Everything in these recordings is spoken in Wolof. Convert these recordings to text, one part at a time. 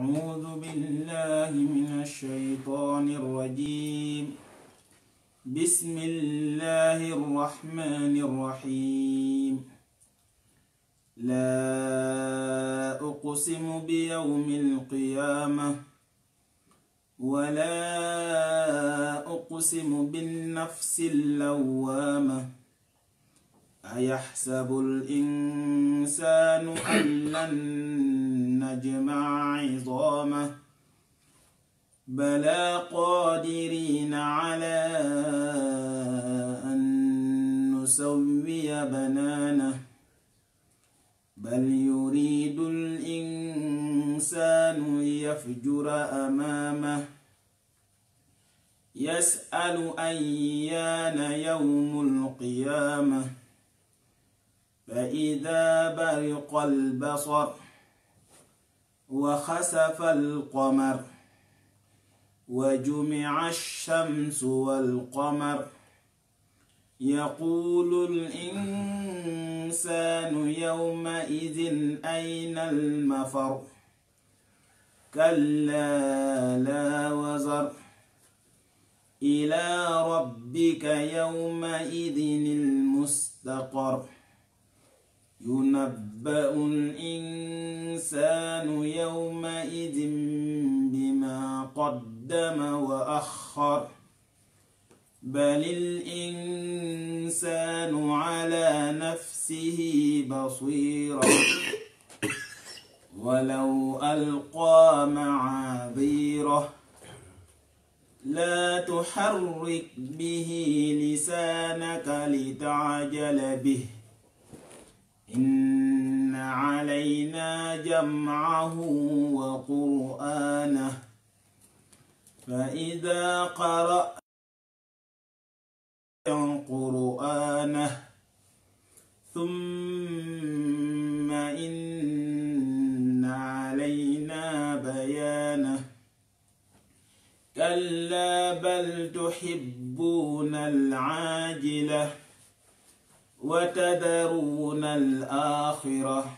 أعوذ بالله من الشيطان الرجيم بسم الله الرحمن الرحيم لا أقسم بيوم القيامة ولا أقسم بالنفس اللوامة أيحسب الإنسان أن لن نجمع عظامه بلى قادرين على أن نسوي بنانه بل يريد الإنسان ليفجر أمامه يسأل أيان يوم القيامة فإذا برق البصر وخسف القمر وجمع الشمس والقمر يقول الإنسان يومئذ أين المفر كلا لا وزر إلى ربك يومئذ المستقر ينبأ الإنسان يومئذ بما قدم وأخر بل الإنسان على نفسه بصيرا ولو ألقى معاذيره لا تحرك به لسانك لتعجل به إن علينا جمعه وقرآنه فإذا قرأت قرآنه ثم إن علينا بيانه كلا بل تحبون العاجله وتذرون الآخرة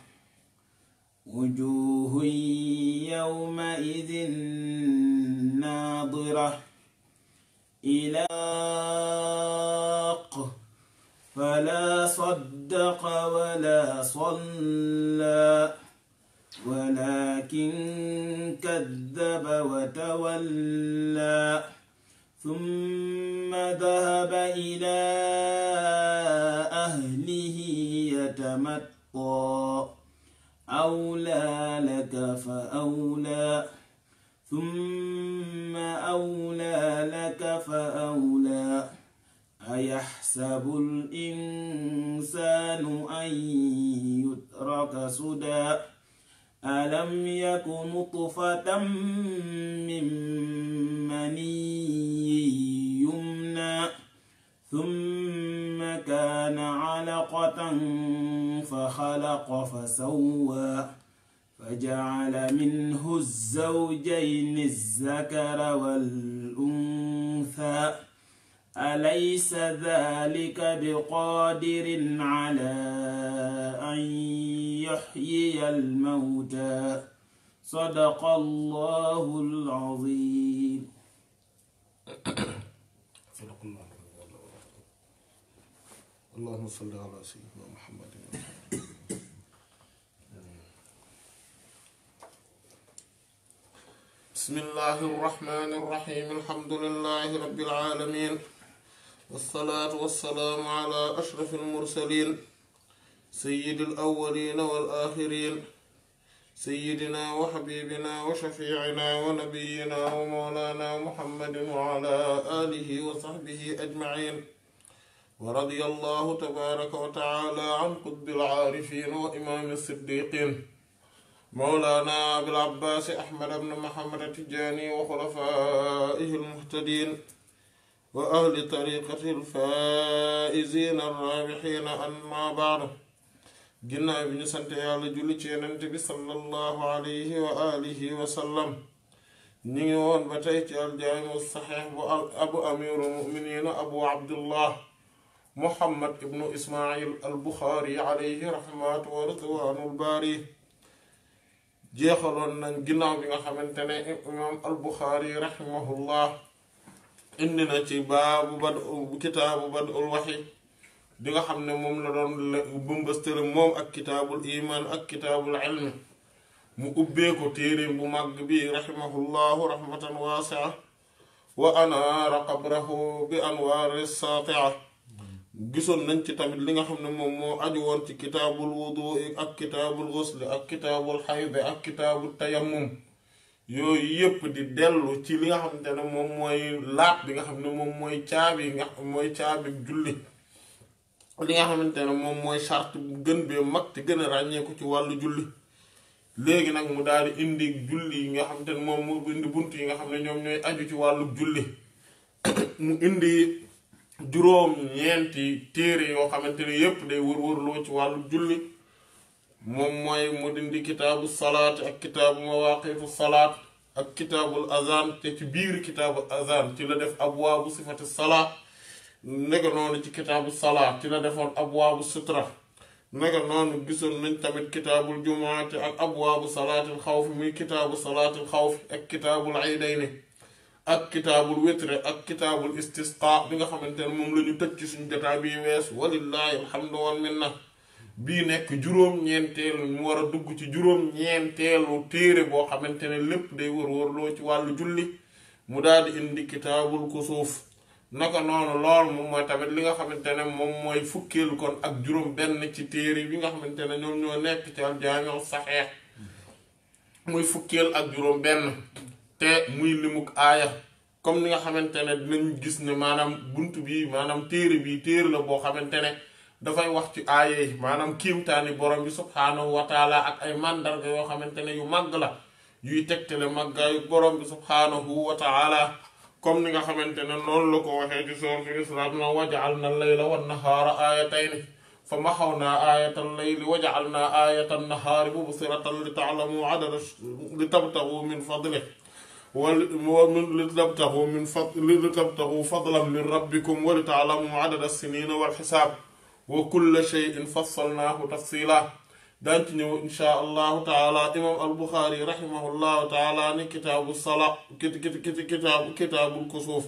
وجوه يومئذ ناظرة إلى فلا صدق ولا صلى ولكن كذب وتولى ثم ذهب إلى أهله يتمطى أولى لك فأولى ثم أولى لك فأولى أيحسب الإنسان أن يترك سدى ألم يك نطفة من مني يمنى ثم كان علقة فخلق فسوى فجعل منه الزوجين الذكر والأنثى أليس ذلك بقادر على أن يحيي الموتى صدق الله العظيم صدق الله اللهم صل على سيدنا محمد بسم الله الرحمن الرحيم الحمد لله رب العالمين والصلاة والسلام على أشرف المرسلين سيد الأولين والآخرين سيدنا وحبيبنا وشفيعنا ونبينا ومولانا محمد وعلى آله وصحبه أجمعين ورضي الله تبارك وتعالى عن قطب العارفين وإمام الصديقين مولانا بالعباس العباس أحمد بن محمد التجاني وخلفائه المهتدين وأهل طريقة الفائزين الرابحين أما بعد جنة بن سنتي على جولي صلى الله عليه وآله وسلم نيون باتاي تي الجامع الصحيح أبو أمير المؤمنين أبو عبد الله محمد ابن إسماعيل البخاري عليه رحمة ورضوان الباري جيخلون نان جنا بيغا خامتاني امام البخاري رحمه الله indi na ci baabu bad kitaabu badul waxyi di nga xam ne moom la doon bëmbastëram moom ak kitaabul iman ak kitaabul ilmi mu ubbee ko téeréem bu màgg bi raximahullahu rahmatan waasia wa anaara qabrahu bi anwaari saatia gisoon nañ ci tamit li nga xam ne moom moo aju woon ci kitaabul wudu ak kitaabul gusli ak kitaabul xayde ak kitaabul tayammum yooyu yëpp di dellu ci li nga xamante ne moom mooy laat bi nga xam ne moom mooy caabi nga mooy caabi julli li nga xamante ne moom mooy charte bu gën bi mag te gën a ràññeeku ci wàllu julli léegi nag mu daal di indi julli yi nga xamante ne moom moo indi bunt yi nga xam ne ñoom ñooy aju ci wàllu julli mu indi juróom ñeenti téere yoo xamante ne yëpp day wër-wërloo ci wàllu julli moom mooy mu dindi kitaabu salaat ak kitaabu mawaqitu salaat ak kitaabul azan te ci biir kitaabu azan ci la def abwaabu sifati salaat nega noonu ci kitaabu salaat ci la defoon abwaabu sutra nega noonu gisoon nañ tamit kitaabul jumaati ak abwaabu salaatil xawfi muy kitaabu salaatil xawfi ak kitaabul aydayni ak kitaabul witri ak kitaabul istisqa bi nga xamante ne moom la ñu tëj ci suñu jotaay bi wees walillahi alhamdu wal minna bi nek juroom ñentel mu wara dugg ci juroom ñentel wu téré bo xamantene lepp day wor wor lo ci walu julli mu daal indi kitabul kusuf naka non lool mu moy tamit li nga xamantene mom moy fukkel kon ak juroom ben ci téré bi nga xamantene ñom ñoo nek ci al jami'u sahih muy fukkel ak juroom ben té muy limuk aya comme ni nga xamantene dinañ gis ni manam buntu bi manam téré bi téré la bo xamantene da fay wax ci aye manam kiwtani borom bi subhanahu wa taala ak ay mandar yoo xamantene yu mag la yuy tegtale màggaayu borom bi subhanahu wa taala comme ni nga xamantene non la ko waxe ci sura al Isra na waj'alna al-layla wan nahara ayatayn fa mahawna aayata al-layli wa ja'alna aayata an-nahaari mubsiratan li ta'lamu 'adada li tabtaghu min fadlihi ولتبتغوا من فضل لتبتغوا فضلا من ربكم ولتعلموا عدد السنين والحساب وكل شيء فصلناه تفصيلا دانت نيو ان شاء الله تعالى امام البخاري رحمه الله تعالى ني كتاب الصلاه كت كت كت كتاب كتاب الكسوف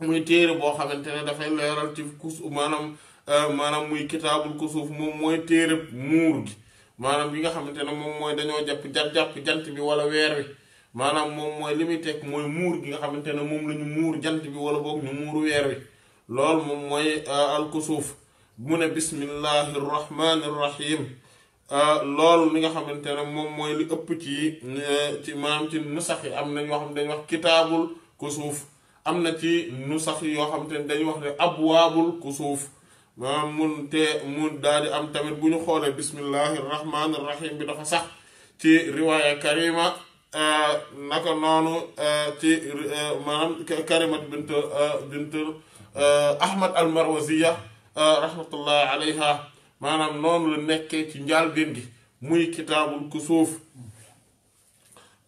موي تير بو خامتاني دا فاي ليرال تي كوس مانام مانام موي كتاب الكسوف موم موي تير مور مانام بيغا خامتاني موم موي دانيو جاب جاب جاب جانت بي ولا وير بي مانام موم موي ليمي تك موي مور بيغا خامتاني موم لا ني مور جانت بي ولا بوك ني مور وير بي لول موم موي الكسوف mune ne bismillahi rrahmani rrahim loolu li nga xamante ne moom mooy li ëpp ci ci maanaam ci nusax yi am na ñoo xam ne wax kitaabul kusuuf am na ci nusax yoo xamante ne dañuy wax ne abwaabul kusuuf maanaam mun te mun daal di am tamit bu ñu xoolee bismillahi rrahmani rrahim bi dafa sax ci riwaaya karima naka noonu ci maanaam karima bint bint ahmad al marwaziya Euh, rahmatullahi alayha maanaam noonu la nekkee ci njaal benn gi muy kitaabul kusuuf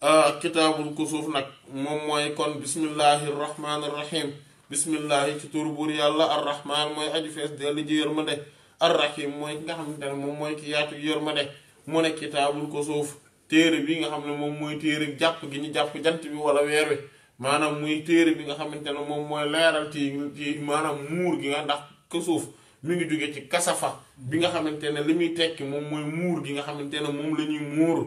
ak euh, kitaabul kusuuf nag moom mooy kon bismillahi rahmaani rahim bismillahi ci tur buur yàlla arrahmaan mooy aju fees dellu ji yërmande arrahim mooy ki nga xamante ne moom mooy ki yaatu yërmande mu ne kitaabul kusuuf téere bi nga xam ne moom mooy téere jàpp gi ñu jàpp jant bi wala weer wi maanaam muy téere bi nga xamante ne moom mooy leeral ci maanaam muur gi nga ko suuf mi ngi jóge ci kasafa bi nga xamante ne li muy tekki moom mooy muur gi nga xamante ne moom la ñuy muur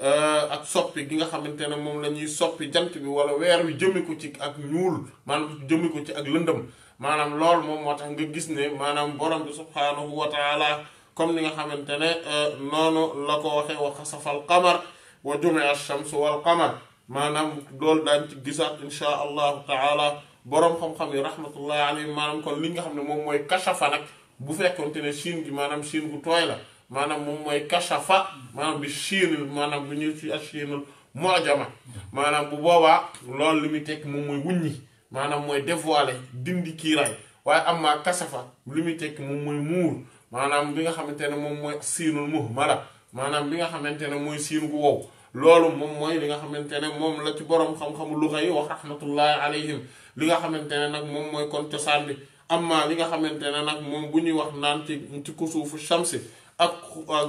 euh, ak soppi gi nga xamante ne moom la ñuy soppi jant bi wala weer wi jëmi ko ci ak ñuul maanaam jëmi ko ci ak lëndëm maanaam lool moom moo tax nga gis ne maanaam borom bi subhaanahu wa taala comme ni nga xamante ne euh, noonu la ko waxee wa xasafal qamar wa jumia ash-shamsu wal qamar maanaam loolu daan ci gisaat insha allahu taala borom xam-xam yi rahmatullahi alayhi manam kon li nga xamne mom moy kashafa nak bu fekkonte ne siin gi manam siin gu toy la manam mom moy kashafa manam bi siinul manam bu ñu ci asinul mojama manam bu boba lool limi tek mom moy wuññi manam moy dévoilé dindi kiiraay waaye am maa kashafa limi tek mom moy mur manam bi nga xamantene mom moy mooy muhmara manam bi nga xamantene moy mooy gu wow loolu mom moy li nga xamantene mom la ci borom xam-xamu lu xey wax rahmatullahi alayhim li nga xamante ne nag moom mooy kon cosaan bi amma li nga xamante ne nag moom bu ñuy wax naan ci ci kusuufu shamsi ak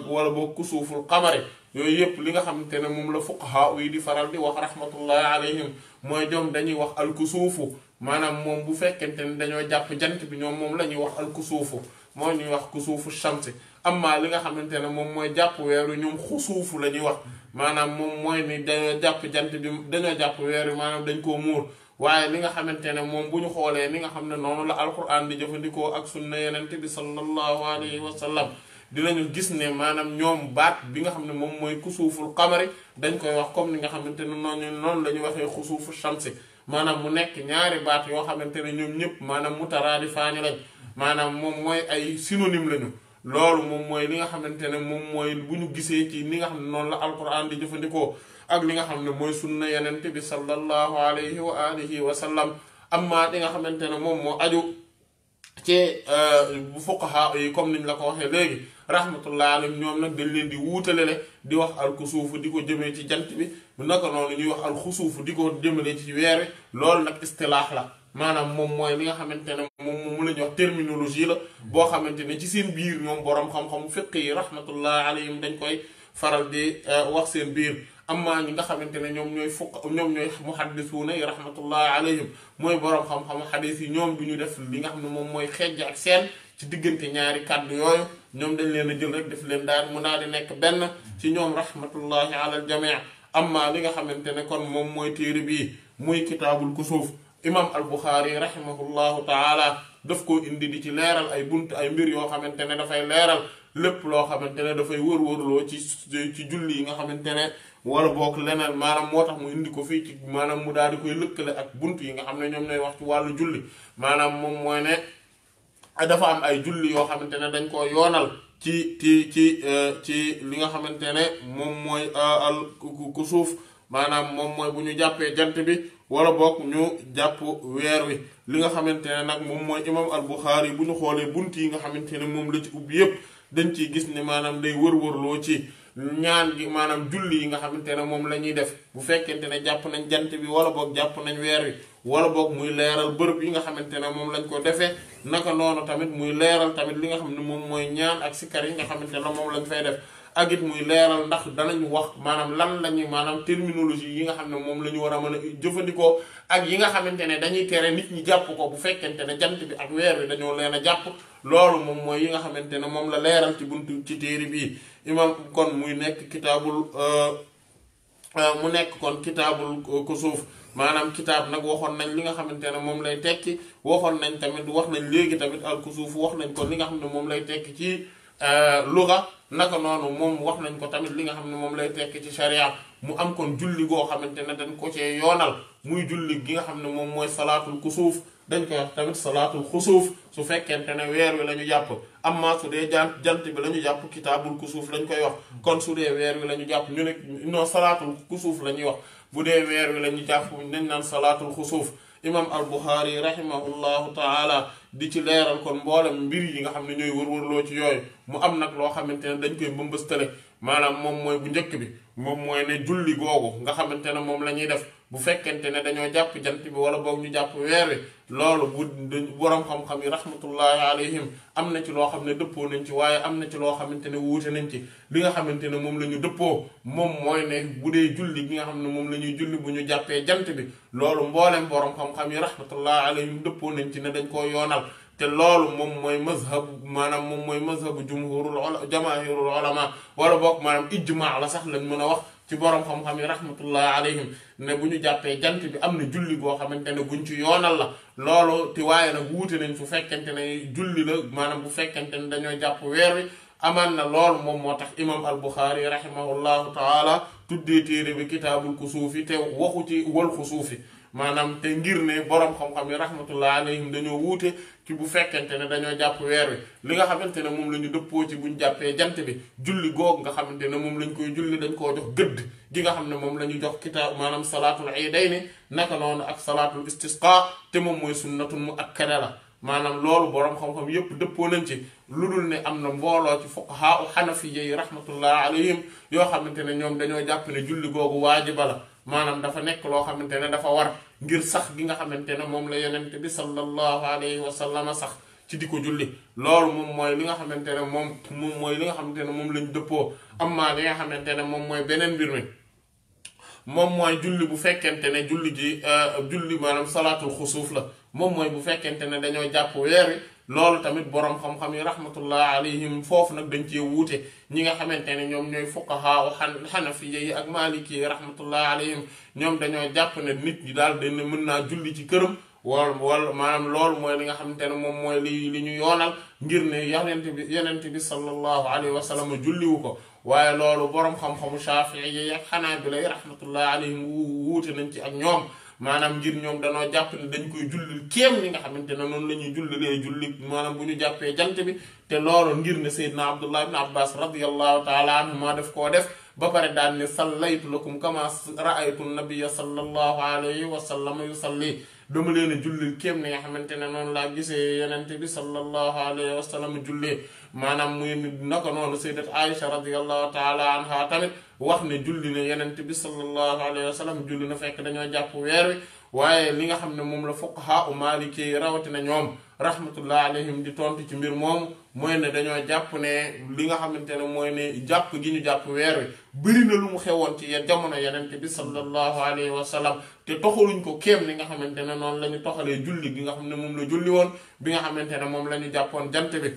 wala boo kusuuful xamari yooyu yëpp li nga xamante ne moom la fuqaha di faral di wax rahmatullahi alayhim mooy ñoom dañuy wax alkusuufu maanaam moom bu fekkente ne dañoo jàpp jant bi ñoom moom la ñuy wax alkusuufu moo ñuy wax kusuufu shamsi amma li nga xamante ne moom mooy jàpp weeru ñoom xusuufu la ñuy wax maanaam moom mooy ni dañoo jàpp jant bi dañoo jàpp weeru maanaam dañ koo muur waaye li nga xamante ne moom bu ñu xoolee li nga xam ne noonu la alquran di jëfandikoo ak sunna yenente bi sallallahu alayhi wa sallam dinañu gis ne maanaam ñoom baat bi nga xam ne moom mooy kusuuful qamari dañ koy wax comme ni nga xamante ne noonu noonu la ñu waxee xusuufu shamsi maanaam mu nekk ñaari baat yoo xamante ne ñoom ñëpp maanaam mutaraadifaani lañ maanaam moom mooy ay synonyme lañu loolu moom mooy li nga xamante ne moom mooy bu ñu gisee ci ni nga xam ne noonu la alquran di jëfandikoo ak li nga xam ne mooy sunna yenent bi sallallahu alayhi wa alihi wa sallam amma li nga xamante ne moom moo aju ci bu fuqaha yi comme niñ la ko waxee léegi rahmatullah alayhim ñoom nag dañ leen di le di wax alkusuufu di ko jëmee ci jant bi naka noonu ñuy wax al alxusuufu di ko jëmale ci weer wi loolu nag istilaax la maanaam moom mooy li nga xamante ne moom mu la ñuy wax terminologie la boo xamante ne ci seen biir ñoom borom xam-xam fiq yi rahmatullah alayhim dañ koy faral di wax seen biir amma ñi nga xamante ne ñoom ñooy fuq ñoom ñooy muhaddisuuna yi rahmatullahi alayhim mooy boroom xam-xamu xadis yi ñoom du ñu def li nga xam ne moom mooy xejj ak seen ci diggante ñaari kàddu yooyu ñoom dañ leen a jël rek def leen daal mu naa di nekk benn ci ñoom rahmatullahi ala aljamii amma li nga xamante ne kon moom mooy téere bii muy kitaabul kusuuf imam al buxaari rahimahullahu taala daf koo indi di ci leeral ay bunt ay mbir yoo xamante ne dafay leeral lépp loo xamante ne dafay wër-wërloo ci ci julli yi nga xamante ne wala boog leneen maanaam moo tax mu indi ko fii ci maanaam mu daal di koy lëkkale ak bunt yi nga xam ne ñoom ñooy wax ci wàllu julli maanaam moom mooy ne am ay julli yoo xamante ne dañ ko yoonal ci ci ci euh, ci li nga xamante ne moom mooy euh, al ku suuf maanaam moom mooy bu ñu jàppee jant bi wala boog ñu jàpp weer wi li nga xamante ne nag moom mooy imam al yi bu ñu xoolee bunt yi nga xamante ne moom la ci ubbi yëpp dañ ci gis ne maanaam day wër loo ci ñaan gi maanaam julli yi nga xamante ne moom la ñuy def bu fekkente ne jàpp nañ jant bi wala boog jàpp nañ weer wi wala boog muy leeral bërëb yi nga xamante ne moom lañ ko defee naka noonu tamit muy leeral tamit li nga xam ne moom mooy ñaan ak sikar yi nga xamante ne moom lañ fay def it muy leeral ndax danañu wax maanaam lan lañuy maanaam terminologie yi xam ne moom la ñu war a mën a jëfandikoo ak yi nga xamante ne dañuy tere nit ñi jàpp ko bu fekkente ne jant bi ak weer wi dañoo leen a jàpp loolu moom mooy yi nga xamante ne moom la leeral ci buntu ci téere bii imam kon muy nekk kitaabul mu nekk kon kitabul kusuf manam kitab nak waxon nañ li nga xamantene mom lay tekki waxon nañ tamit wax nañ legi tamit al kusuf wax nañ kon li nga xamne mom lay tekki ci luga naka nonu mom wax nañ ko tamit li nga xamne mom lay tekki ci sharia mu am kon julli go xamantene dañ ko ci yonal muy julli gi nga xamne mom moy salatul kusuf dañ koy wax tamit salaatul xusuuf su fekkente ne weer wi la ñu jàpp amma su dee jant jant bi la ñu jàpp kitaabul kusuuf lañ koy wax kon su dee weer wi la ñu jàpp ñu ne non salaatul kusuuf la ñuy wax bu dee weer wi la ñu jàpp nañ naan salaatul xusuuf imam al buxaari rahimahullahu taala di ci leeral kon mboolem mbir yi nga xam ne ñooy loo ci yooyu mu am nag loo xamante ne dañ koy mbëmbëstale maanaam moom mooy bu njëkk bi moom mooy ne julli googu nga xamante ne moom la ñuy def bu fekkente ne dañoo jàpp jant bi wala boog ñu jàpp weer wi loolu bu borom xam-xam yi rahmatullahi alayhim am na ci loo xam ne dëppoo nañ ci waaye am na ci loo xamante ne wuute nañ ci li nga xamante ne moom la ñu dëppoo moom mooy ne bu dee julli nga xam ne moom la ñuy julli bu ñu jàppee jant bi loolu mbooleem borom xam-xam yi rahmatullahi alayhim dëppoo nañ ci ne dañ koo yoonal te loolu moom mooy mazhabu maanaam moom mooy mazhabu jumhurul jamaahirul ulama wala boog maanaam ijmaa la sax lañ mën a wax ci borom xam-xam yi rahmatullah alayhim ne bu ñu jàppee jant bi am na julli boo xamante ne buñ ci yoonal la loolu te waaye nag wuute nañ su fekkente ne julli la maanaam bu fekkente ne dañoo jàpp weer wi amaan na loolu moom moo tax imam al buxaari rahimahullahu taala tuddee téere bi kitaabul kusuufi te waxu ci wal xusuufi maanaam te ngir ne borom xam-xam yi rahmatullah alayhim dañoo wuute ci bu fekkente ne dañoo jàpp weer wi li nga xamante ne moom la ñu dëppoo ci bu ñu jàppee jant bi julli googu nga xamante ne moom lañ koy julli dañ koo jox gëdd gi nga xam ne moom la jox kitaab maanaam salaatul iidayni naka noonu ak salaatul istisqa te moom mooy sunnatun mu akkada la maanaam loolu borom xam-xam yépp dëppoo nañ ci lu dul ne am na mbooloo ci fuqahaa u xanafiya yi rahmatullah alayhim yoo xamante ne ñoom dañoo jàpp ne julli googu waajiba la maanaam dafa nekk loo xamante ne dafa war ngir sax gi nga xamante ne moom la yonent bi sallallahu alayhi wa sallam sax ci di ko julli loolu moom mooy li nga xamante ne moom moom mooy li nga xamante ne moom lañ dëppoo amma li nga xamante ne moom mooy beneen mbir mi moom mooy julli bu fekkente ne julli ji euh, julli maanaam salaatul xusuuf la moom mooy bu fekkente ne dañoo jàpp weer loolu tamit borom xam-xam yi rahmatullah alayhim fofu nak dañ ci wuute ñi nga xamante ñom ñoy ñooy fuqaha wa xanafiya yi ak maliki rahmatullah alayhim ñom dañoo jàpp ne nit ñi dal dañ mën naa julli ci kërëm wal wal manam loolu moy li nga xamante mom moy li li ñu yonal ngir ne yonent bi bi sallallahu alayhi wa sallam julli wuko waye loolu borom xam-xamu shafii yi ak xanaa rahmatullah alayhim wuute nañ ci ak ñom maanaam njir ñoom danoo jàpp ne dañ koy jullil kéem li nga xamante ne noonu la ñuy jullilee julli maanaam bu ñu jàppee jant bi te loolu ngir ne Seydina Abdullah ibn Abbas radiyallahu taala anhu maa def koo def ba pare daan ne sallaytu lakum kama raaytu nabiyya sallallahu alayhi wa sallam yusalli dama leen a jullil kéem nga xamante ne noonu laa gisee yenente bi sallallahu alayhi wa sallam jullee maanaam muy naka noonu sayyidat Aisha radiyallahu taala anha tamit wax ne julli ne yenente bi sallallahu alayhi wa sallam julli na fekk dañoo jàpp weer wi waaye li nga xam ne moom la fuqaha u maliki rawatina ñoom rahmatullah alayhim di tontu ci mbir moom mooy ne dañoo jàpp ne li nga xamante ne mooy ne jàpp gi ñu jàpp weer wi bëri lu mu xewoon ci jamono yeneen bi sallallahu alayhi wa sallam te toxaluñ ko kéem li nga xamante ne noonu la ñu toxalee julli gi nga xam ne moom la julli woon bi nga xamante ne moom la ñu jàppoon jant bi.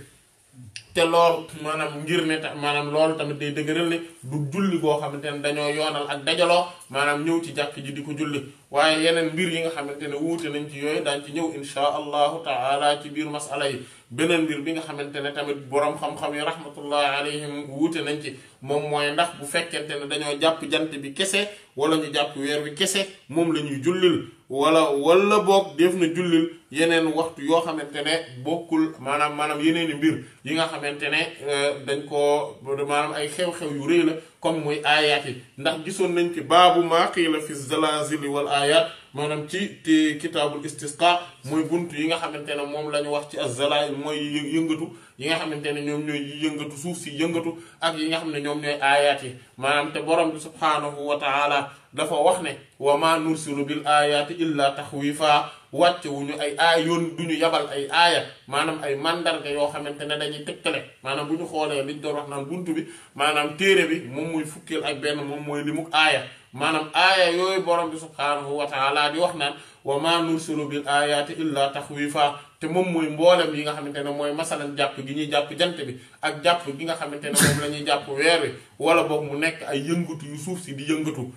te lool maanaam ngir ne maanaam lool tamit day dëgëral ne du julli boo xamante ne dañoo yoonal ak dajaloo maanaam ñëw ci jàkk ji di ko julli waaye yeneen mbir yi nga xamante ne wuute nañ ci yooyu daan ci ñëw insha allahu taala ci biir masala yi beneen mbir bi nga xamante ne tamit boroom xam-xam yi rahmatullahi alayhim wuute nañ ci moom mooy ndax bu fekkente ne dañoo jàpp jant bi kese wala ñu jàpp weer bi kese moom la ñuy jullil wala walla boog def na jullil yeneen waxtu yoo xamante ne bokkul maanaam maanaam yeneen mbir yi nga xamante ne euh, dañ koo maanaam ay xew-xew yu rëy la comme muy aayaat yi ndax gisoon nañ ci baabu maa qiila fi zalazili wal aayaat maanaam ci te kitaabul istisqa muy bunt yi nga xamante ne moom la ñu wax ci azzalaay mooy yëngatu yi nga xamante ne ñoom ñooy yëngatu suuf si yëngatu ak yi nga xam ne ñoom ñooy aayaat yi maanaam te borom bi subhaanahu wa taala dafa wax ne wa ma nursilu bil ayaat illa taxwiifa wàcce wu ñu ay aay yoon du ñu yabal ay aaya maanaam ay mandarga yoo xamante ne dañuy tëkkale maanaam bu ñu xoolee liñ doon wax naan bunt bi maanaam téere bi moom muy fukkeel ak benn moom mooy li mu aaya maanaam aaya yooyu borom bi subhaanahu wa taala di wax naan wa maa nursilu bil ayaati illa taxwiifa te moom mooy mboolem yi nga xamante ne mooy masalan jàpp gi ñuy jàpp jant bi ak jàpp gi nga xamante ne moom la ñuy jàpp weer wala boog mu nekk ay yëngatu yu suuf si di yëngatu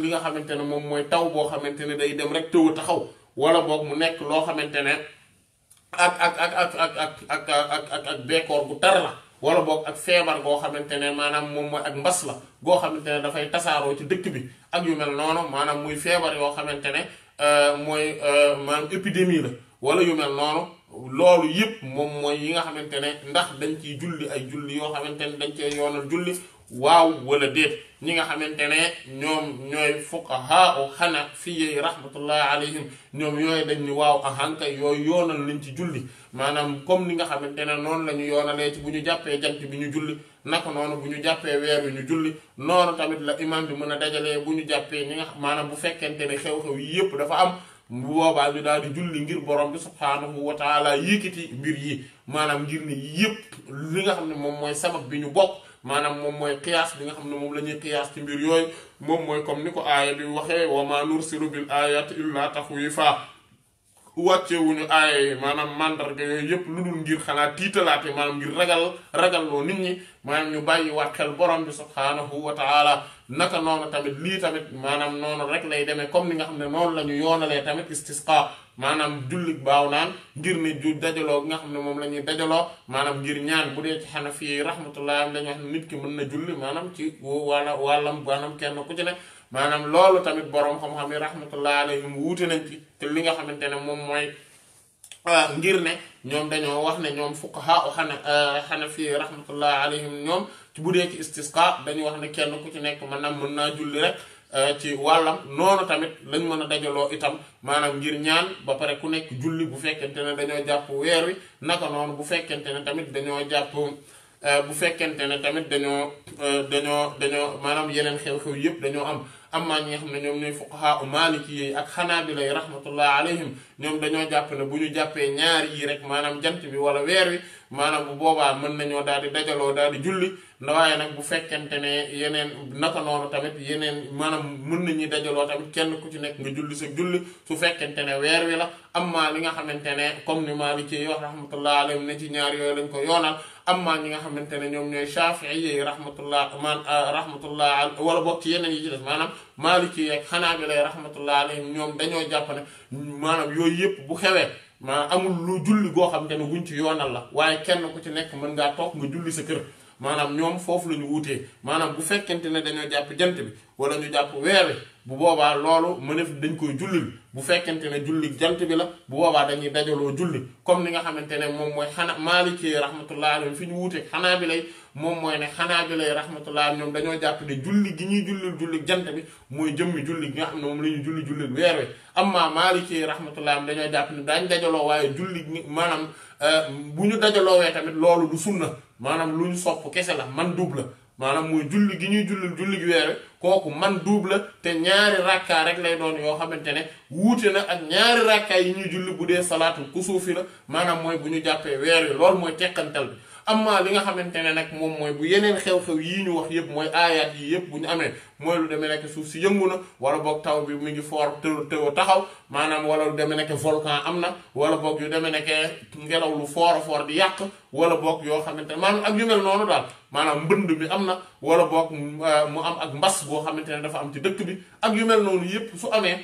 li nga xamante ne moom mooy taw boo xamante ne day dem rek tëw taxaw wala boog mu nekk loo xamante ne ak ak ak ak ak ak ak ak ak bu tar la wala boog ak feebar goo xamante ne maanaam moom mooy ak mbas la goo xamante ne dafay tasaaroo ci dëkk bi ak yu mel noonu maanaam muy feebar yoo xamante ne euh, mooy euh, maanaam épidémie la wala yu mel noonu loolu yëpp moom mooy yi nga xamante ne ndax dañ ciy julli ay julli yoo xamante ne dañ cee yoonal julli waaw wala déet ñi nga xamante ne ñoom ñooy fuqaha u xanafiye rahmatullahi alayhim ñoom yooyu dañ ni waaw ahanka yooyu yoonal lañ ci julli maanaam comme li nga xamante ne noonu la ñu yoonalee ci bu ñu jàppee jant bi ñu julli naka noonu bu ñu jàppee weer bi ñu julli noonu tamit la imam bi mën a dajalee bu ñu jàppee ñi nga xam maanaam bu fekkente ne xew-xew yi yépp dafa am bu boobaa ñu daal di julli ngir borom bi subhaanahu wa taala yékkati mbir yi maanaam ngir ni yépp li nga xam ne moom mooy sabab bi ñu bokk maanaam moom mooy qiyaas bi nga xam ne moom la ñuy qiyaas ci mbir yooyu moom mooy comme ni ko aaya bi waxe wa maa nursilu bil ayati illa taxwiifa wàcce wuñu aaya yi maanaam mandarga yooyu yépp lu dul ngir xanaa tiitalaate maanaam ngir ragal ragal loo nit ñi maanaam ñu bàyyi waat xel borom bi subhaanahu wa taala naka noonu tamit lii tamit maanaam noonu rek lay demee comme ni nga xam ne noonu la ñu yoonalee tamit istisqa maanaam jullit baaw naan ngir ne ju dajaloo bi nga xam ne moom la ñuy dajaloo maanaam ngir ñaan bu dee ci xanafi yi rahmatullah dañuy wax ne nit na julli maanaam ci wala wàllam maanaam kenn ku ci ne maanaam loolu tamit boroom xam-xam yi rahmatullah alayhim wuute nañ ci te li nga xamante ne moom mooy ah, ngir ne ñoom dañoo wax ne ñoom fuqaha u xana xanafi ah, rahmatullah alayhim ñoom ci bu dee ci istisqa dañuy wax ne kenn ku ci nekk maanaam mën naa julli rek Euh, ci wàllam noonu tamit lañ mën a dajaloo itam maanaam ngir ñaan ba pare ku nekk julli bu fekkente ne dañoo jàpp weer wi naka noonu bu fekkente ne tamit dañoo jàpp euh, bu fekkente ne tamit dañoo euh, dañoo dañoo maanaam yeneen xew-xew yépp dañoo am am amma ñi nga xam ne ñoom ñooy fuqaha u maliki yi ak xanaabila yi rahmatullah alayhim ñoom dañoo jàpp ne bu ñu jàppee ñaari yi rek maanaam jant bi wala weer wi maanaam bu boobaa mën nañoo daal di dajaloo daal di julli waaye nag bu fekkente ne yeneen naka noonu tamit yeneen maanaam mën nañuy dajaloo tamit kenn ku ci nekk nga julli sa julli su fekkente ne weer wi la amma li nga xamante ne comme ni maliki yi wax rahmatullah alayhim ne ci ñaar yooyu lañ ko yoonal amma ñi nga xamantene ñom ñoy ñooy rahmatullah man rahmatullah wala bok ci yeneen yi ci des maanaam maaliki yeeg xanaabila rahmatullah alayhim ñom dañoo jàpp ne manam yoy yep bu xewé maa amul lu julli go xamantene buñ ci yonal la waye kenn ku ci nek mën nga tok nga julli sa kër manam ñom fofu lañu wuté manam bu fekkente ne dañoo jàpp jant bi wala ñu jàpp weer bu boba loolu mënef dañ koy jullil bu fekkante ne julli jant bi la bu boba dañuy dajalo julli comme ni nga xamantene mom moy xana maliki rahmatullah alayhi fiñu wuté xana bi lay mom moy ne xana bi lay rahmatullah ñom dañoo jàpp ne julli gi ñi jullil julli jant bi moy jëmmi julli gi nga xamne mom lañu julli julli jullil amma maliki rahmatullah dañoo jàpp ne dañ dajalo waye julli manam buñu dajalo wé tamit loolu du sunna manam luñu sopp kessela man double manam moy julli gi ñuy julli julli gi weer kooku man duub la te ñaari rakkaa rek lay doon yoo xamante ne wuute na ak ñaari rakkaa yi ñu julli bu dee salaatul kusuufi la maanaam mooy bu ñu jàppee weer wi loolu mooy teqantal bi am amma li nga xamante ne nag moom mooy bu yeneen xew-xew yii ñu wax yëpp mooy aayaat yi yëpp bu ñu amee mooy lu demee nekk suuf si yëngu na wala boog taw bi mu ngi foor tëw taxaw maanaam wala lu demee nekk volcan am na wala boog yu demee nekk ngelaw lu foor a foor di yàq wala boog yoo xamante ne maanaam ak yu mel noonu daal maanaam mbënd bi am na wala boog mu euh, am ak mbas boo xamante ne dafa am ci dëkk bi ak yumel noonu yëpp su amee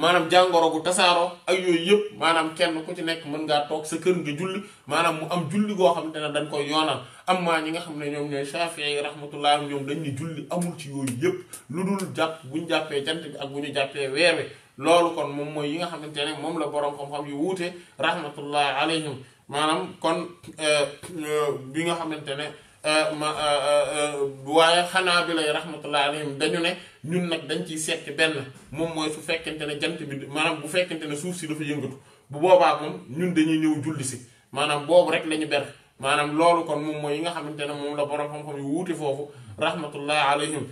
maanaam jàngoro gu tasaaro ak yooyu yëpp maanaam kenn ku ci nekk mën ngaa toog sa kër nga julli maanaam mu am julli goo xam ne dañ koy yoonal am maa ñi nga xam ne ñoom ñooy Shafi'i rahmatullah ñoom dañ ni julli amul ci yooyu yëpp lu dul jàpp bu ñu jàppee jant bi ak bu ñu jàppee weer wi loolu kon moom mooy yi nga xamante ne moom la boroom xam-xam yu wuute rahmatullah alayhim maanaam kon euh, euh, bi nga xamante ne Euh, euh, euh, waaye xanaa bi lay rahmatullah alayhim dañu ne ñun nag dañ ciy seeti benn moom mooy su fekkente ne jant bi maanaam bu fekkente ne suuf si dafa yëngatu bu boobaa moom ñun dañuy ñëw julli si maanaam boobu rek la ñu ber maanaam loolu kon moom mooy yi nga xamante ne moom la boroom xam-xam yu wuute foofu rahmatullah alayhim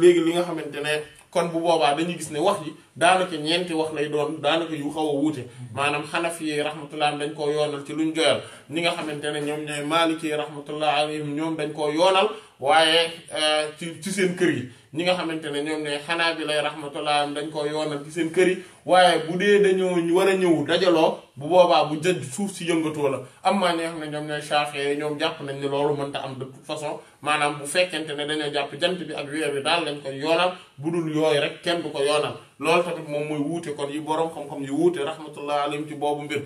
léegi li nga xamante ne kon bu boobaa dañuy gis ne wax yi daanaka ñeenti wax lay doon daanaka yu xaw a wuute maanaam xanafi yi rahmatullah dañ koo yoonal ci luñ joyal ni nga xamante ne ñoom ñooy maaliki yi rahmatullah alayhim ñoom dañ koo yoonal waaye eh, ci ci seen kër yi ñi nga xamante ne ñoom ne xanaa bi lay rahmatullah dañ ko yoonal ci seen kër yi waaye bu dee dañoo war a ñëw dajaloo bu boobaa bu jëj suuf si yëngatoo la am maa ñi nga xam ne ñoom ñooy saafee ñoom jàpp nañ ne loolu mënta am de façon maanaam bu fekkente ne dañoo jàpp jant bi ak weer bi daal lañ koy yoonal bu dul yooyu rek kenn du ko yoonal lool tamit moom mooy wuute kon yi boroom xam-xam yi wuute rahmatullah alayhim ci boobu mbir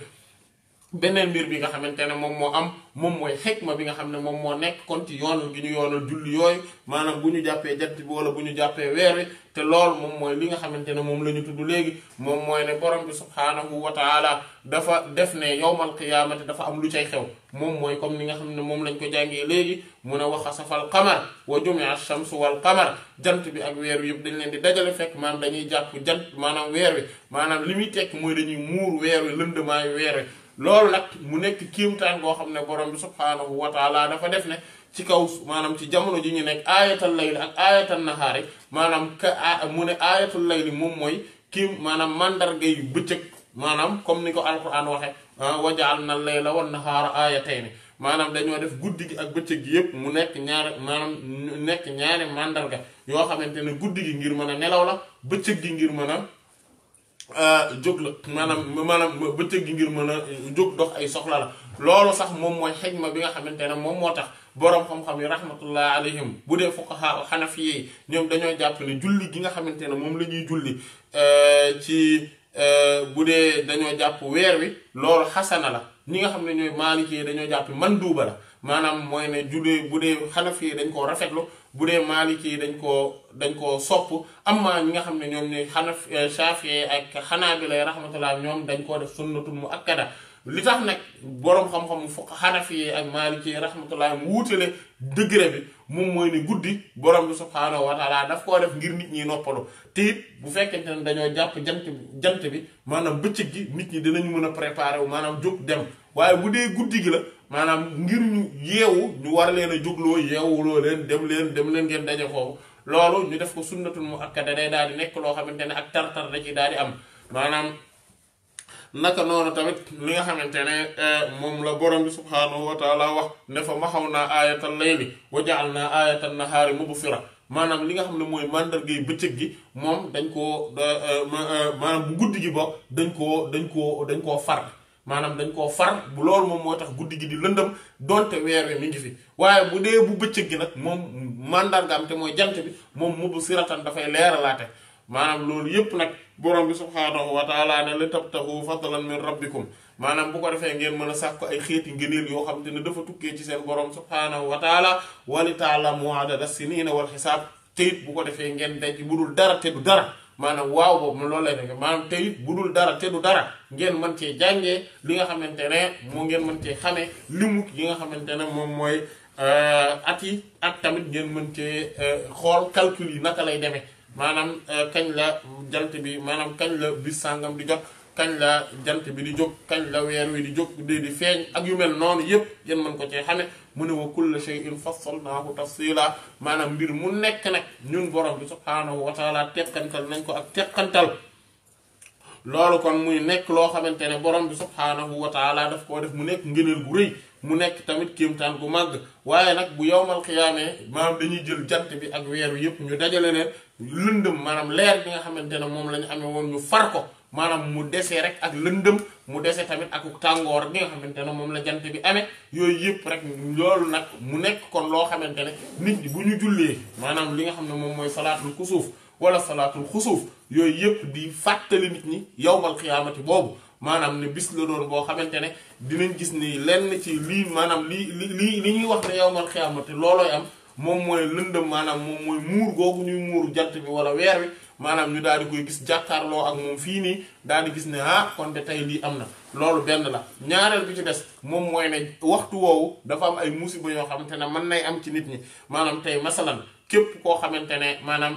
beneen mbir bi nga xamante ne moom moo am moom mooy ma bi nga xam ne moom moo nekk kon ci yoonal gi ñu yoonal julli yooyu maanaam bu ñu jàppee jant bi wala bu ñu jàppee weer te lool moom mooy li nga xamante ne moom la ñu tudd léegi moom mooy ne borom bi subhaanahu wa taala dafa def ne yowmal qiyaamati dafa am lu cay xew moom mooy comme ni nga xam ne moom lañ ko jàngee léegi mun a wax a safal qamar wa jumia shamsu wal qamar jant bi ak weer wi yëpp dañ leen di dajale fekk maanaam dañuy jàpp jant maanaam weer wi maanaam li muy tekk mooy dañuy muur weer wi lëndëmaayu weer wi loolu nag mu nekk kéemtaan boo xam ne borom bi subhaanahu wa taala dafa def ne ci kaw maanaam ci jamono ji ñu nekk aayatal layli ak aayatal nahaari maanaam ka mu ne aayatul layli moom mooy kiim maanaam mandarga yu bëccëg maanaam comme ni ko alquran waxe ah, wajaal na layla wan nahaara aayatayni maanaam dañoo def guddi gi ak bëccëg gi yépp mu nekk ñaari maanaam nekk ñaari mandarga yoo xamante ne guddi gi ngir mën a nelaw la bëccëg gi ngir mën a Euh, jóg la maanaam maanaam bëccëg gi ngir mën a euh, jóg dox ay soxla la loolu sax moom mooy xejma bi nga xamante ne moom moo tax boroom xam-xam yi rahmatullah alayhim bu dee fuqaha xanafi yi ñoom dañoo jàpp ne julli gi nga xamante ne moom la ñuy julli euh, ci bu dee dañoo jàpp weer wi loolu xasana la ñi nga xam ne ñooy maaliki yi dañoo jàpp manduuba la maanaam mooy ne julli bu dee xanafi yi dañ koo rafetlu bu dee maaliki yi dañ koo dañ koo sopp am amma ñi nga xam ne ñoom ñooy xanaf eh, shafi'i ak xanaabila yi rahmatullah ñoom dañ koo def sunnatul muakkada li tax nag boroom xam-xam fukk xanafi yi ak maaliki yi mu wuutale degré bi moom mooy ni guddi borom bi subhaanahu wa taala daf koo def ngir nit ñi noppalu te it bu fekkente ne dañoo jàpp jant bi jant bi maanaam bëccëg gi nit ñi dinañu mën a préparer wu maanaam jóg dem waaye bu dee guddi gi la maanaam ngir ñu yeewu ñu war leen a jógloo yeewuloo leen dem leen dem leen ngeen daje foofu loolu ñu def ko sunnatul mu akkada day daal di nekk loo xamante ne ak tartar da ci daal di am maanaam naka noonu tamit li nga xamante ne eh, moom la borom bi subhaanahu wa taala wax ne fa maxaw naa aayatal layli wa jaal naa aayatal nahaari mubsira maanaam li nga xam ne mooy màndargay bëccëg gi moom dañ koo eh, eh, maanaam bu guddi gi bokk dañ ko dañ ko dañ koo far maanaam dañ koo far bu loolu moom moo tax guddi gi di lëndëm donte weer wi mi ngi fi waaye bu dee bu bëccëg gi nag moom màndargaam te mooy jant bi moom mubu siratan dafay leeralaate maanaam loolu yépp nag borom bi subhaanahu wa taala ne li tabtahu fadlan min rabbikum maanaam bu ko defee ngeen mën a sàkk ay xeeti ngëneel yoo xam te ne dafa tukkee ci seen borom subhaanahu wa taala wali taala mu adada sinina wal xisaab te it bu ko defee ngeen denc budul dara te du dara maanaam waaw boobu moom loolu lay nekk maanaam te it bu dul dara te du dara ngeen mën cee jàngee li nga xamante ne moo ngeen mën cee xamee limu yi nga xamante ne moom mooy euh, at yi ak tamit ngeen mën cee euh, xool calcul yi naka lay demee maanaam euh, kañ la jant bi maanaam kañ la bis sàngam di jot. kañ la jant bi di jóg kañ la weer wi di jóg di di feeñ ak yu mel noonu yépp yéen mën ko cee xame mu ne wa kulla shay'in fassalnaahu tafsiila maanaam mbir mu nekk nag ñun borom bi subhaanahu wa taala teqantal nañ ko ak teqantal loolu kon muy nekk loo xamante ne borom bi subhaanahu wa taala daf koo def mu nekk ngëneel bu rëy mu nekk tamit kéemtaan bu màgg waaye nag bu yowmal xiyaamee maanaam dañuy jël jant bi ak weer wi yépp ñu dajale leen lëndëm maanaam leer bi nga xamante ne moom la ñu amee woon ñu far ko maanaam mu dese rek ak lëndëm mu dese tamit ak tàngoor bi nga xamante ne moom la jant bi amee yooyu yëpp rek loolu nag mu nekk kon loo xamante ne nit ñi bu ñu jullee maanaam li nga xam ne moom mooy salaatul kusuuf wala salaatul xusuuf yooyu yëpp di fàttali nit ñi yowmal xiyaamati boobu maanaam bis la doon boo xamante ne dinañ gis ni lenn ci lii maanaam lii lii li ñuy wax ne yowmal xiyaamati loolooy am moom mooy lëndëm maanaam moom mooy muur googu ñuy muur jant bi wala weer wi maanaam ñu daal di koy gis jàkkaarloo ak moom fii nii daal di gis ne ah kon de tey lii am na loolu benn la ñaareel bi ci des moom mooy ne waxtu woowu dafa am ay musiba yoo xamante ne mën nay am ci nit ñi maanaam tey masalan képp koo xamante ne maanaam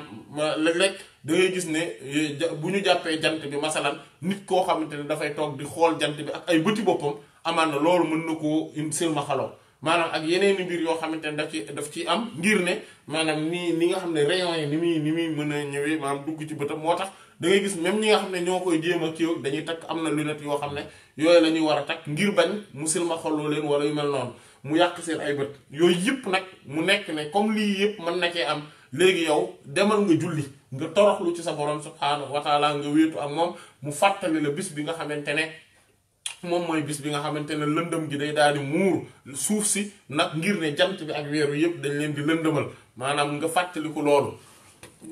léeg-léeg da ngay gis ne eh, bu ñu jàppee jant bi masalan nit koo xamante ne dafay toog di xool jant bi ak ay bëti boppam amaan na loolu mën na koo in silmaxaloo maanaam ak yeneeni mbir yoo xamante ne daf ci daf ci am ngir ne maanaam nii ni nga xam ne rayon yi ni muy ni muy mën a ñëwee maanaam dugg ci bëtam moo tax da ngay gis même ñi nga xam ne ñoo koy jéem a kiiw dañuy takk am na linat yoo xam ne yooyu la ñuy war a takk ngir bañ mu silma xolloo leen wala yu mel noonu mu yàq seen ay bët yooyu yëpp nag mu nekk ne comme lii yëpp man na cee am léegi yow demal nga julli nga toroxlu ci sa borom subhaanahu wa taala nga wéetu ak mu fàttali la bis bi nga xamante ne moom mooy bis bi nga xamante ne lëndëm gi day daal di muur suuf si nag ngir ne jant bi ak weeru yëpp dañ leen di lëndëmal maanaam nga fàttaliku loolu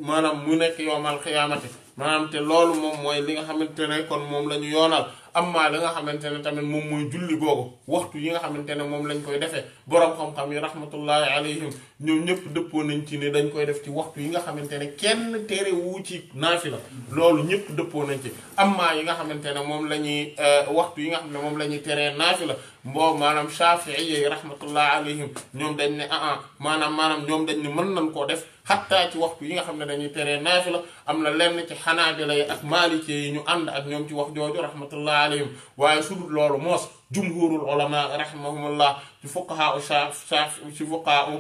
maanaam mu nekk yowmal xiyaamati maanaam te loolu moom mooy li nga xamante ne kon moom la ñu yoonal amma li nga xamante ne tamit moom mooy julli googu waxtu yi nga xamante ne moom lañ koy defee boroom xam-xam yi rahmatullahi alayhim ñoom ñëpp dëppoo nañ ci ne dañ koy def ci waxtu yi nga xamante ne kenn tere wu ci naafila loolu ñëpp dëppoo nañ ci amma yi nga xamante ne moom la ñuy euh, waxtu yi nga xam ne moom la ñuy teree naafila mboo manam shafi'i rahmatullah alayhim ñom dañ ne ah ah manam manam ñom dañ ne mën nañ ko def hatta ci waxtu yi nga xamne dañuy téré nafila amna lenn ci hanabila yi ak maliki yi ñu ànd ak ñom ci wax jojo rahmatullah alayhim waye sudut lolu mos jumhurul ulama rahimahumullah ci fuqaha u shaf ci fuqaha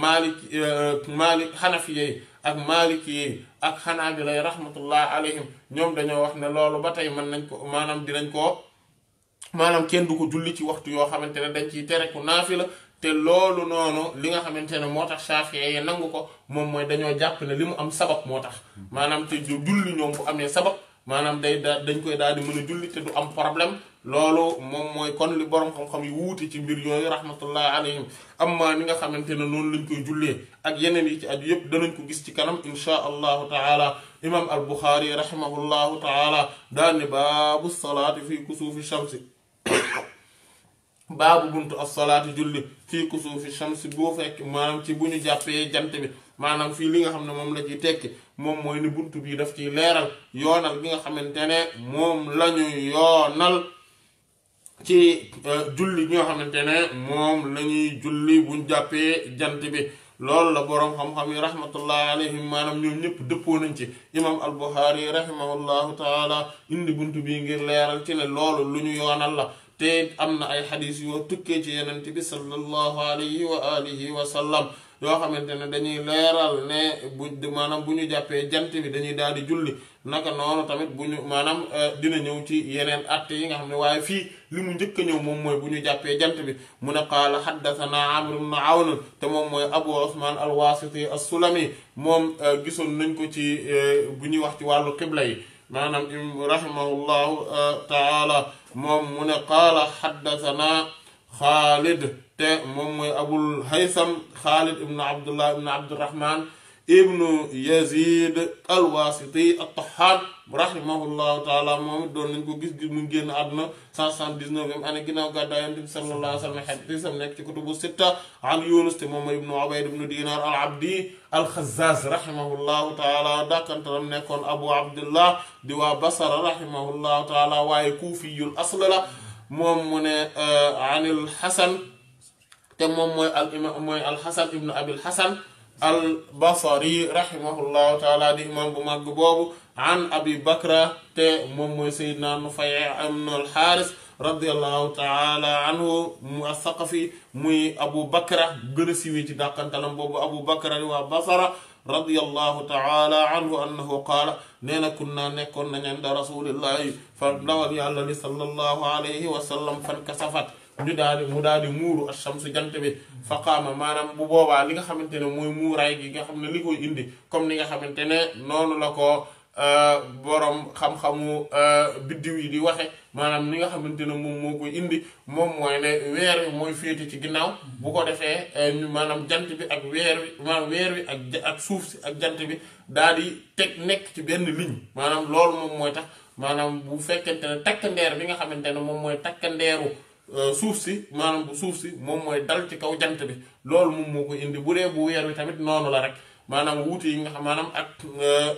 malik malik xanafiya ak maliki ak hanabila yi rahmatullah alayhim ñom dañu wax ne lolu batay tey mën nañ ko maanaam dinañ ko maanaam kenn du ko julli ci waxtu yoo xamante ne dañ ciy tere ku naafila te loolu noonu li nga xamante ne moo tax Shafi'i yi nangu ko moom mooy dañoo jàpp ne li mu am sabab moo tax maanaam te du julli ñoom bu amee sabab maanaam day da dañ koy daal di mën a julli te du am problème loolu moom mooy kon li borom xam-xam yi wuute ci mbir yooyu rahmatullahi alayhim amma ni nga xamante ne noonu lañ koy jullee ak yeneen yi ci aju yëpp danañ ko gis ci kanam inchaa allahu taala imam al buxaari rahimahullahu taala daanne baabu salaati fi kusuufi shamsi baabu bunt as-salaatu julli fii kusuufi shamsi boo fekk maanaam ci bu ñu jàppee jant bi maanaam fii li nga xam ne moom lañuy ciy moom mooy ni buntu bii daf ciy leeral yoonal bi nga xamante ne moom la ñu yoonal ci euh, julli bi nga xamante ne moom lañuy julli buñ jàppee jant bi. loolu la boroom xam-xam yi rahmatullahi alayhim maanaam ñoom ñëpp dëppoo nañ ci imam al-Bukhari rahimahullahu taala indi bunt bi ngir leeral ci ne loolu lu ñu yoonal la te am na ay xadis yoo tukkee ci yenent bi sallallahu alayhi wa alihi wa sallam yoo xamante ne dañuy leeral ne bu maanaam bu ñu jàppee jant bi dañuy daal di julli naka nonu tamit buñu manam dina ñëw ci yenen att yi nga xamne way fi fii li mu njëkk ñëw mom moy buñu jappé jant bi mun qala hadathana amr ibn aun te mom moy abu usman al-wasiti as-sulami mom gisoon nañ ko ci buñu wax ci walu qibla yi maanaam rahimahullahu taala mom mun qala hadathana khalid te mom moy abul haysam khalid ibn abdullah ibn abdurrahman ابن يزيد الواسطي الطحان رحمه الله تعالى مام دون نكو گيس گي مون ген ادنا 179 امي گيناو گادا يونس صلى الله عليه وسلم حديث ام نك تي كتبو ستة عن يونس تي مام ابن عبيد بن دينار العبدي الخزاز رحمه الله تعالى داكن تام نيكون ابو عبد الله ديوا بصر رحمه الله تعالى واي كوفي الاصل لا مام مون عن الحسن تي مام موي الحسن ابن ابي الحسن البصري رحمه الله تعالى دي امام بو عن ابي بكر ت موم سيدنا نفيع بن الحارث رضي الله تعالى عنه الثقفي موي ابو بكر غرسي وي تي داكانتالم ابو بكر و بصره رضي الله تعالى عنه انه قال نينا كنا نيكون نان رسول الله فدوال يالله صلى الله عليه وسلم فانكسفت ñu daal di mu daal di muuru ash-shamsu jant bi fa qaama maanaam bu boobaa li nga xamante ne mooy muuraay gi nga xam ne li koy indi comme ni nga xamante ne noonu la ko euh, borom xam-xamu euh, biddiw yi di maanaam li nga xamante ne moom moo koy indi moom mooy ne mooy féete ci ginnaaw bu ko defee euh, maanaam jant bi ak weer wi ak ak suuf si ak jant bi daal di teg nekk ci benn ligne maanaam loolu moom tax maanaam bu fekkente ne takkandeer bi nga xamante ne moom mooy takkandeeru Euh, suuf si maanaam suuf si moom mooy dal ci kaw jant bi loolu moom moo ko indi bu dee bu weer wi tamit noonu la rek maanaam wuute yi nga xam maanaam ak euh,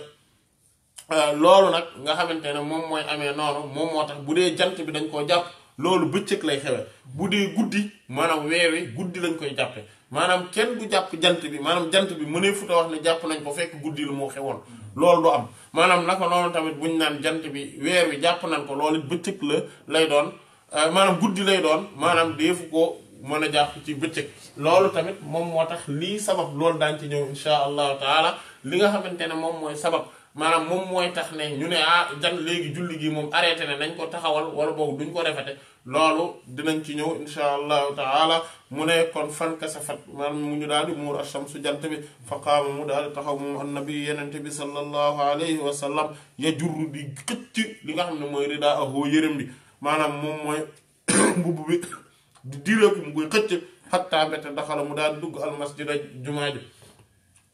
euh, loolu nag nga xamante ne moom mooy amee noonu moom moo tax bu dee jant bi dañ koo jàpp loolu bëccëg lay xewe bu dee guddi maanaam weer guddi lañ koy jàppe maanaam kenn bu jàpp jant bi maanaam jant bi mënee futa wax ne jàpp nañ ko fekk guddi lu moo xewoon loolu du am maanaam naka noonu tamit buñ naan jant bi weer wi jàpp nañ ko loolu bëccëg la lay doon Euh, maanaam guddi lay doon maanaam deefu ko mën a jàpp ci bëccëg loolu tamit moom moo tax lii sabab loolu daañ ci ñëw insha allah taala li nga xamante ne moom mooy sabab maanaam moom mooy tax ne ñu ne ah jan léegi julli gi moom arrêté ne nañ taxawal wala boobu duñ ko refete loolu dinañ ci ñëw insha allahu taala mu ne kon fan kasafat maanaam mu ñu daal di muur ashamsu jant bi fa qaama mu daal di taxaw moom annabi yenente bi sallallahu alayhi wa sallam ya jurru di këcc li nga xam ne mooy ridaa ahoo yërëm bi maanaam moom mooy mbubb bi di direeku mu koy xëcc xattaa mbette daxala mu daal dugg almasjida jumaa ji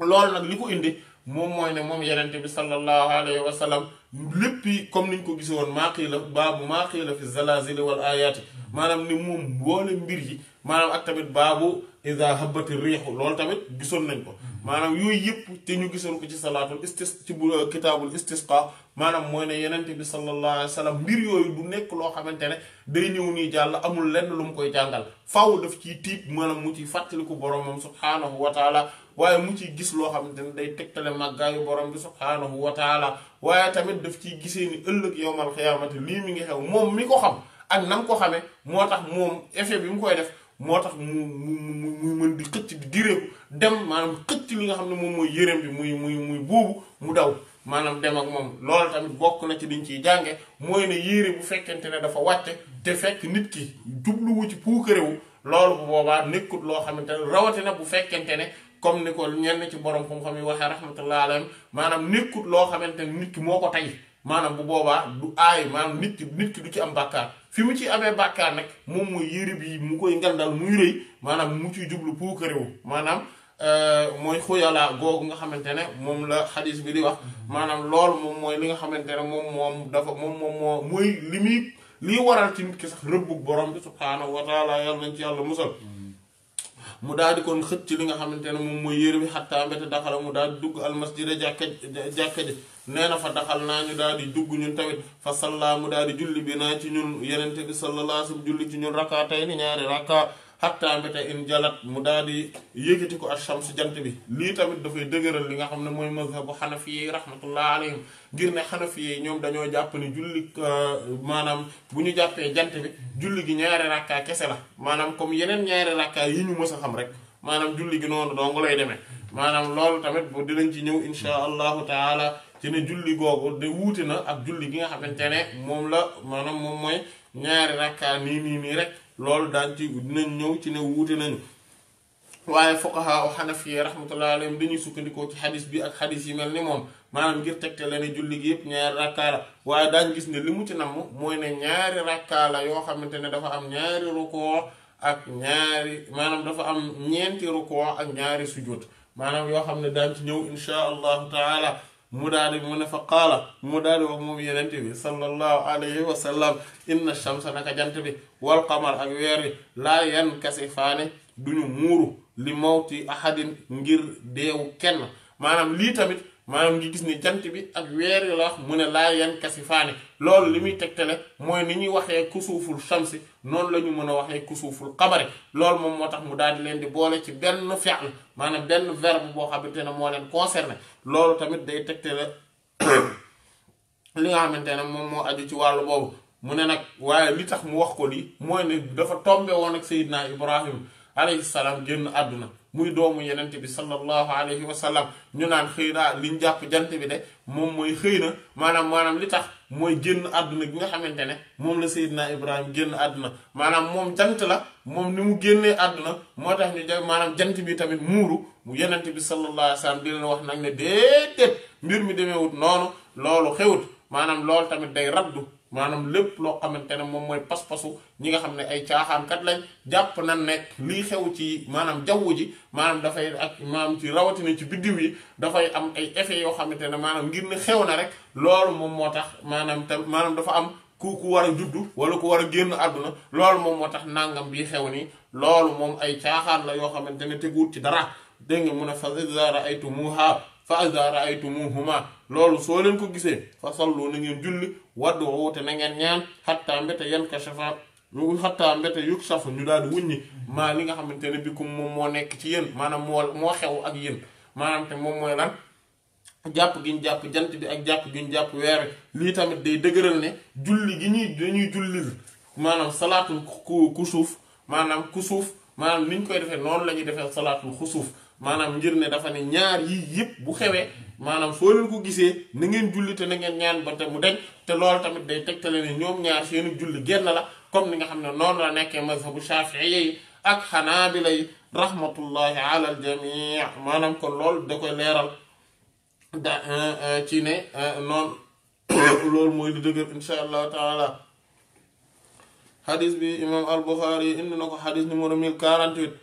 loolu nag li ko indi moom mooy ne moom yenente bi sallallahu alayhi wa sallam lépp comme ni niñ ko gise woon maa qiila baabu maa qiila fi zalazili wal ayaati maanaam ni moom mboole mbir yi maanaam ak tamit baabu iza habati riixu loolu tamit gisoon nañ ko maanaam yooyu yëpp te ñu gisoon ko ci salaatul istis ci euh, kitaabul istisqa maanaam mooy ne yenente bi sallallahu alayhi wa sallam mbir yooyu du nekk loo xamante ne day ñëw nii jàll amul lenn lu mu koy jàngal faaw daf ciy tiit maanaam mu ciy fàttaliku boromam subhaanahu wa taala waaye mu ciy gis loo xamante ne day tegtale màggaayu borom bi subhaanahu wa taala waaye tamit daf ci gisee ni ëllëg yowmal xiyaamati lii mu ngi xew moom mi ko xam ak nam ko xamee moo tax moom effet bi mu koy def moo tax mu mu mu mën di xëcc di direeku nga xam ne moom mooy yërëm bi muy muy muy boobu mu daw maanaam dem ak moom loolu tamit bokk na ci liñ ciy jànge mooy ne yére bu fekkente ne dafa wàcce te fekk nit ki jubluwu ci puukarewu loolu bu boobaa nekkut loo xam ne rawatina bu fekkente ne comme ni ko ñenn ci borom xam-xam yi waxee rahmatullah alayhim maanaam nekkut loo xamante ne nit ki moo ko tey maanaam bu boobaa du aay maanaam nit ki nit du ci am bàkkaar fi mu ci amee bàkkaar nag moom mooy yére bi mu koy ngandal muy rëy maanaam mu ciy jublu puukarewu maanaam euh, mooy xuyalaa googu nga xamante ne moom la xadis bi di wax maanaam loolu moom mooy li nga xamante ne moom moom dafa moom moom moo mooy li muy lii waral ci nit ki sax rëbbug borom bi subhaanahu wa taala ci yàlla musal mu daal di kon xët li nga xamante ne moom mooy yére bi xattaa mbéte daxala mu daal di dugg almasjida jàkka jàkka ji nee na fa daxal naa ñu daal di dugg ñun tamit fa sallaa mu daal di julli bi naa ci ñun yenente bi sallallahu alayhi wa sallam julli ci ñun rakkaa tey ni ñaari rakkaa xattaa mbéte in jalat mu daal di yëkkati ko ak shams jant bi lii tamit dafay dëgëral li nga xam ne mooy mazhabu xanafi yi rahmatullah alayhim ngir ne xanafi fii ñoom dañoo jàpp ni julli euh, maanaam bu ñu jàppee jant bi julli gi ñaari rakkaa kese la maanaam comme yeneen ñaari rakkaa yi ñu mës a xam rek maanaam julli gi noonu dong lay demee maanaam loolu tamit bu dinañ ci ñëw insha allahu taala ci ne julli googu de wuute na ak julli gi nga xamante ne moom la maanaam moom mooy ñaari rakkaa nii rek loolu daan ci dinañ ñëw ci ne wuute nañu waaye fuqaha wa xanafi yi rahmatullahi alayhim dañuy sukkandikoo ci xadis bi ak xadis yi mel ni moom maanaam ngir tegte la julli gi yëpp ñaari rakkaa waaye daañ gis ne li mu ci namm mooy ne ñaari rakkaa yoo xamante ne dafa am ñaari rukoo ak ñaari maanaam dafa am ñeenti rukoo ak ñaari sujjóot maanaam yoo xam ne daan ci ñëw insha allahu taala mu daal di mu ne fa qaala mu daal di wax moom yenente bi sallallahu alayhi wa inna shamsa naka jant bi wal qamar ak weer laa yan kasi faane duñu muuru li mawti ahadin ngir deewu kenn maanam lii tamit maanaam ngi gis ni jant bi ak weer yi la wax mu ne laa yan kasi faani loolu li muy tegtale mooy ni ñuy waxee kusuuful shamsi noonu la ñu mën a waxee kusuuful xamari loolu moom moo tax mu daal di leen di boole ci benn fi'l maanaam benn verbe boo xamante ne moo leen concerné loolu tamit day tegtale li nga xamante ne moom moo aju ci wàll boobu mu ne nag waaye li tax mu wax ko lii mooy ne dafa tombe woon ak Seydina Ibrahim alayhi salaam génn àdduna muy doomu yenent bi sallallahu alayhi wa sallam ñu naan xëy na liñ jàpp jant bi de moom mooy xëy na maanaam maanaam li tax mooy génn àdduna gi nga xamante ne moom la Seydina Ibrahima génn àdduna maanaam moom jant la moom ni mu génnee àdduna moo tax ñu ja jant bi tamit muuru mu yenent bi sallallahu alayhi wa sallam di leen wax nag ne déedéet mbir mi demeewut noonu loolu xewut maanaam loolu tamit day raddu maanaam lépp loo xamante ne moom mooy pas-pasu ñi nga xam ne ay caaxaankat lañ jàpp na ne lii xew ci maanaam jaww ji maanaam dafay ak maanaam ci rawatina ci biddiw yi dafay am ay effets yoo xamante ne maanaam ngir ne xew na rek loolu moom moo tax maanaam tam maanaam dafa am ku ku war a juddu wala ku war a génn àdduna loolu moom moo tax nangam bii xew nii loolu moom ay caaxaan la yoo xamante ne teguut ci dara dégg nga mun a fa iza ra'aytumuha fa iza ra'aytumuhuma loolu soo leen ko gisee fa sallu na ngeen julli waddu wuute na ngeen ñaan xatta mbéte yan kashafa xattaa mbéte yuk safu ñu daal di wuññi maa li nga xamante ne bikum moom moo nekk ci yéen maanaam moo moo xew ak yéen maanaam te moom mooy lan jàpp gi ñu jàpp jant bi ak jàpp gi ñu jàpp weer lii tamit day dëgëral ne julli gi ñuy dañuy jullil maanaam salaatul ku ku suuf maanaam ku suuf maanaam liñ koy defee noonu la ñuy defee salaatul xusuuf maanaam ngir ne dafa ne ñaar yii yëpp bu xewee manam fo len ko gisee na ngeen julli te na ngeen ñaan ba te mu dañ te lool tamit day tektale ni ñoom ñaar seenu julli génn la comme ni nga xamne non noonu la nekkee mazhabu shafiiya yi ak hanabila yi rahmatullahi ala al jamii maanaam kon loolu da koy leral da ci ne non lool moy li dëgër inshallah taala hadith bi imam al bukhari indi nako hadith numéro 1048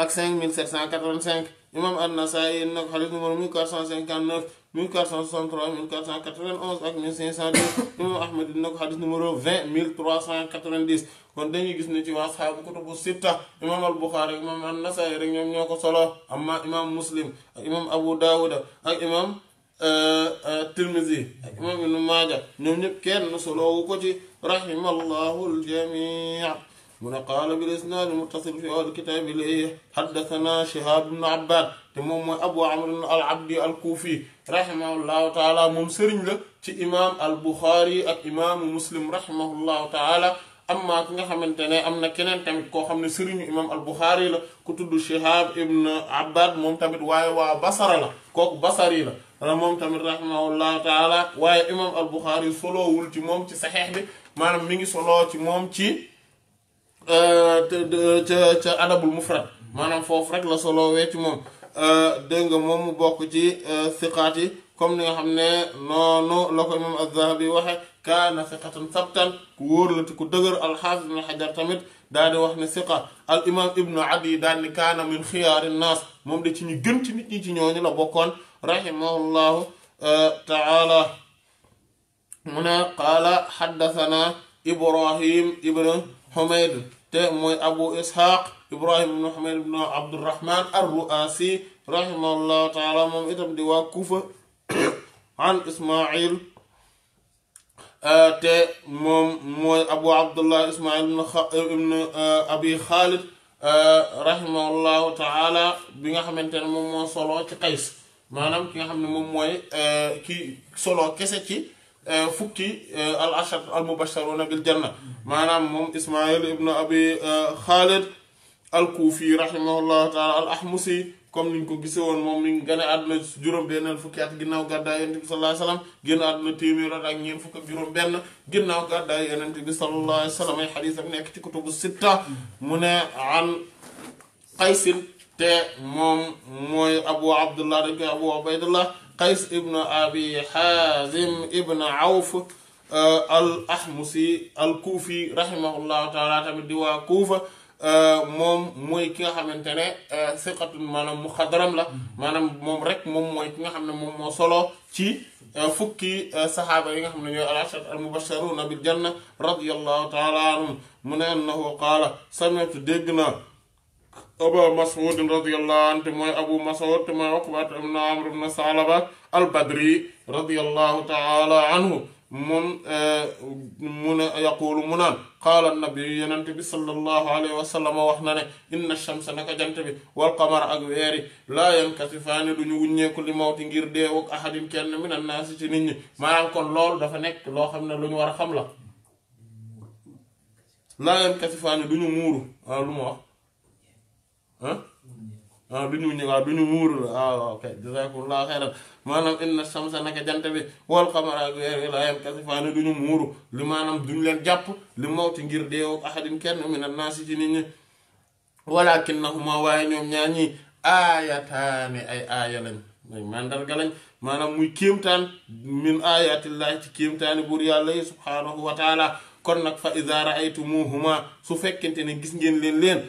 ak 1063 ak 5785 imam an-Nasaa'i indi na ko xadis numéro 1459 1463 1491 ak 1502 imam Ahmad indi na ko xadis numéro 20 1390 kon dañuy gis ne ci waa asxaabu kutubu sitta imam al-Buxaari imam an-Nasaa'i rek ñoom ñoo ko solo amma imam Muslim ak imam Abu Daawuda ak imam euh, euh, Tirmizi ak imam Ibnu Maaja ñoom ñëpp kenn solo wu ko ci rahimallahu al من قال بالإسناد المتصل في أول كتاب إليه حدثنا شهاب بن عباد تمام أبو عمرو العبد الكوفي رحمه الله تعالى ممسرين له تي إمام البخاري الإمام مسلم رحمه الله تعالى أما كنا خمن تنا أما كنا نتم كوخم نسرين إمام البخاري له كتب شهاب بن عباد ممتبد واي وا بصر له كوك بصري له رمهم تمر رحمه الله تعالى واي إمام البخاري سلو ولتي مم تي صحيح لي مانم مين سلو تي مم تي ca ca adabul mufrad maanaam foofu rek la soloowee ci moom dégg nga moom mu bokk ci siqaat yi comme ni nga xam ne noonu la ko imam az-Zahabi waxe kaana siqatan sabtan ku wóor la te ku dëgër alxaafis ibn xajar tamit daal di wax ne siqa al imam ibnu adi daal ni kaana min xiyaari naas moom de ci ñu gën ci nit ñi ci ñooñu la bokkoon rahimahullahu taala mu ne qaala xaddathana ibrahim ibnu xumayd te mooy abu ishaq ibrahim ibnu hamad ibnu abdurahman ar-ruasi rahimahullahu taala moom itam di waa kuufa an ismail te moom mooy abu abdullah ismail ibnu euh, abi xaalid euh, rahimahullahu taala bi nga xamante ne moom moo solo ci qays maanaam ki nga xam ne moom mooy euh, ki solo kese ci fukki al ashad al mubasharuna bil janna maanaam moom ismail ibn abi khalid al kufi rahimahullahu taala al ahmusi comme niñ ko gisee woon moom mi ngi gane àdduna juróom-benneel fukki at ginnaaw gàddaay yonent bi sallallahu alayhi wasallam génn àdduna téeméer ak ñeent fukk ak juróom-benn ginnaaw gàddaay yonent bi sallallahu alayhi wasallam ay xadiis am nekk ci kutubu sitta mu ne an qaysin te moom mooy abu abdullah dañ koy abu ubaydullah قيس ابن أبي حازم ابن عوف آه، الأحمسي الكوفي رحمه الله تعالى تبدي وكوفة موم موي كيغا خامتاني ثقة مانام مخضرم لا مانام موم ريك موم موي كيغا خامتاني موم مو سولو تي فوكي صحابه ييغا خامتاني نيو الاشاد المبشرون بالجنه رضي الله تعالى عنهم من انه قال سمعت دغنا أبو مسعود رضي الله عنه تما أبو مسعود تما أقبة ابن عمرو بن سالبة البدري رضي الله تعالى عنه من آه، من يقول من قال النبي ينتبه صلى الله عليه وسلم وحنا إن الشمس نك جنتبه والقمر أغيري لا ينكسفان دنيوني كل ما تنجير ده وأحد كان من الناس تنيني ما يكون لول دفنك لو خمنا لون ورخملا لا ينكسفان دنيو مورو آه، لما ah du ñu ah, waaw muuru la ah, waaw waaw kay jazakumullahu xayran maanaam inna samsa naka jant bi wal qamara weer wi laa yankasifaani du ñu muuru li maanaam duñu jàpp li mawti ngir deewu ahadin kenn mina naasi ci nit ñi walakinnahuma waaye ñoom ñaar ñii ay aaya lañ ay màndarga lañ min aayatillahi ci kéemtaani buur yàlla yi subhaanahu wa taala kon nag fa iza ra'aytumuhuma su fekkente ni gis ngeen leen leen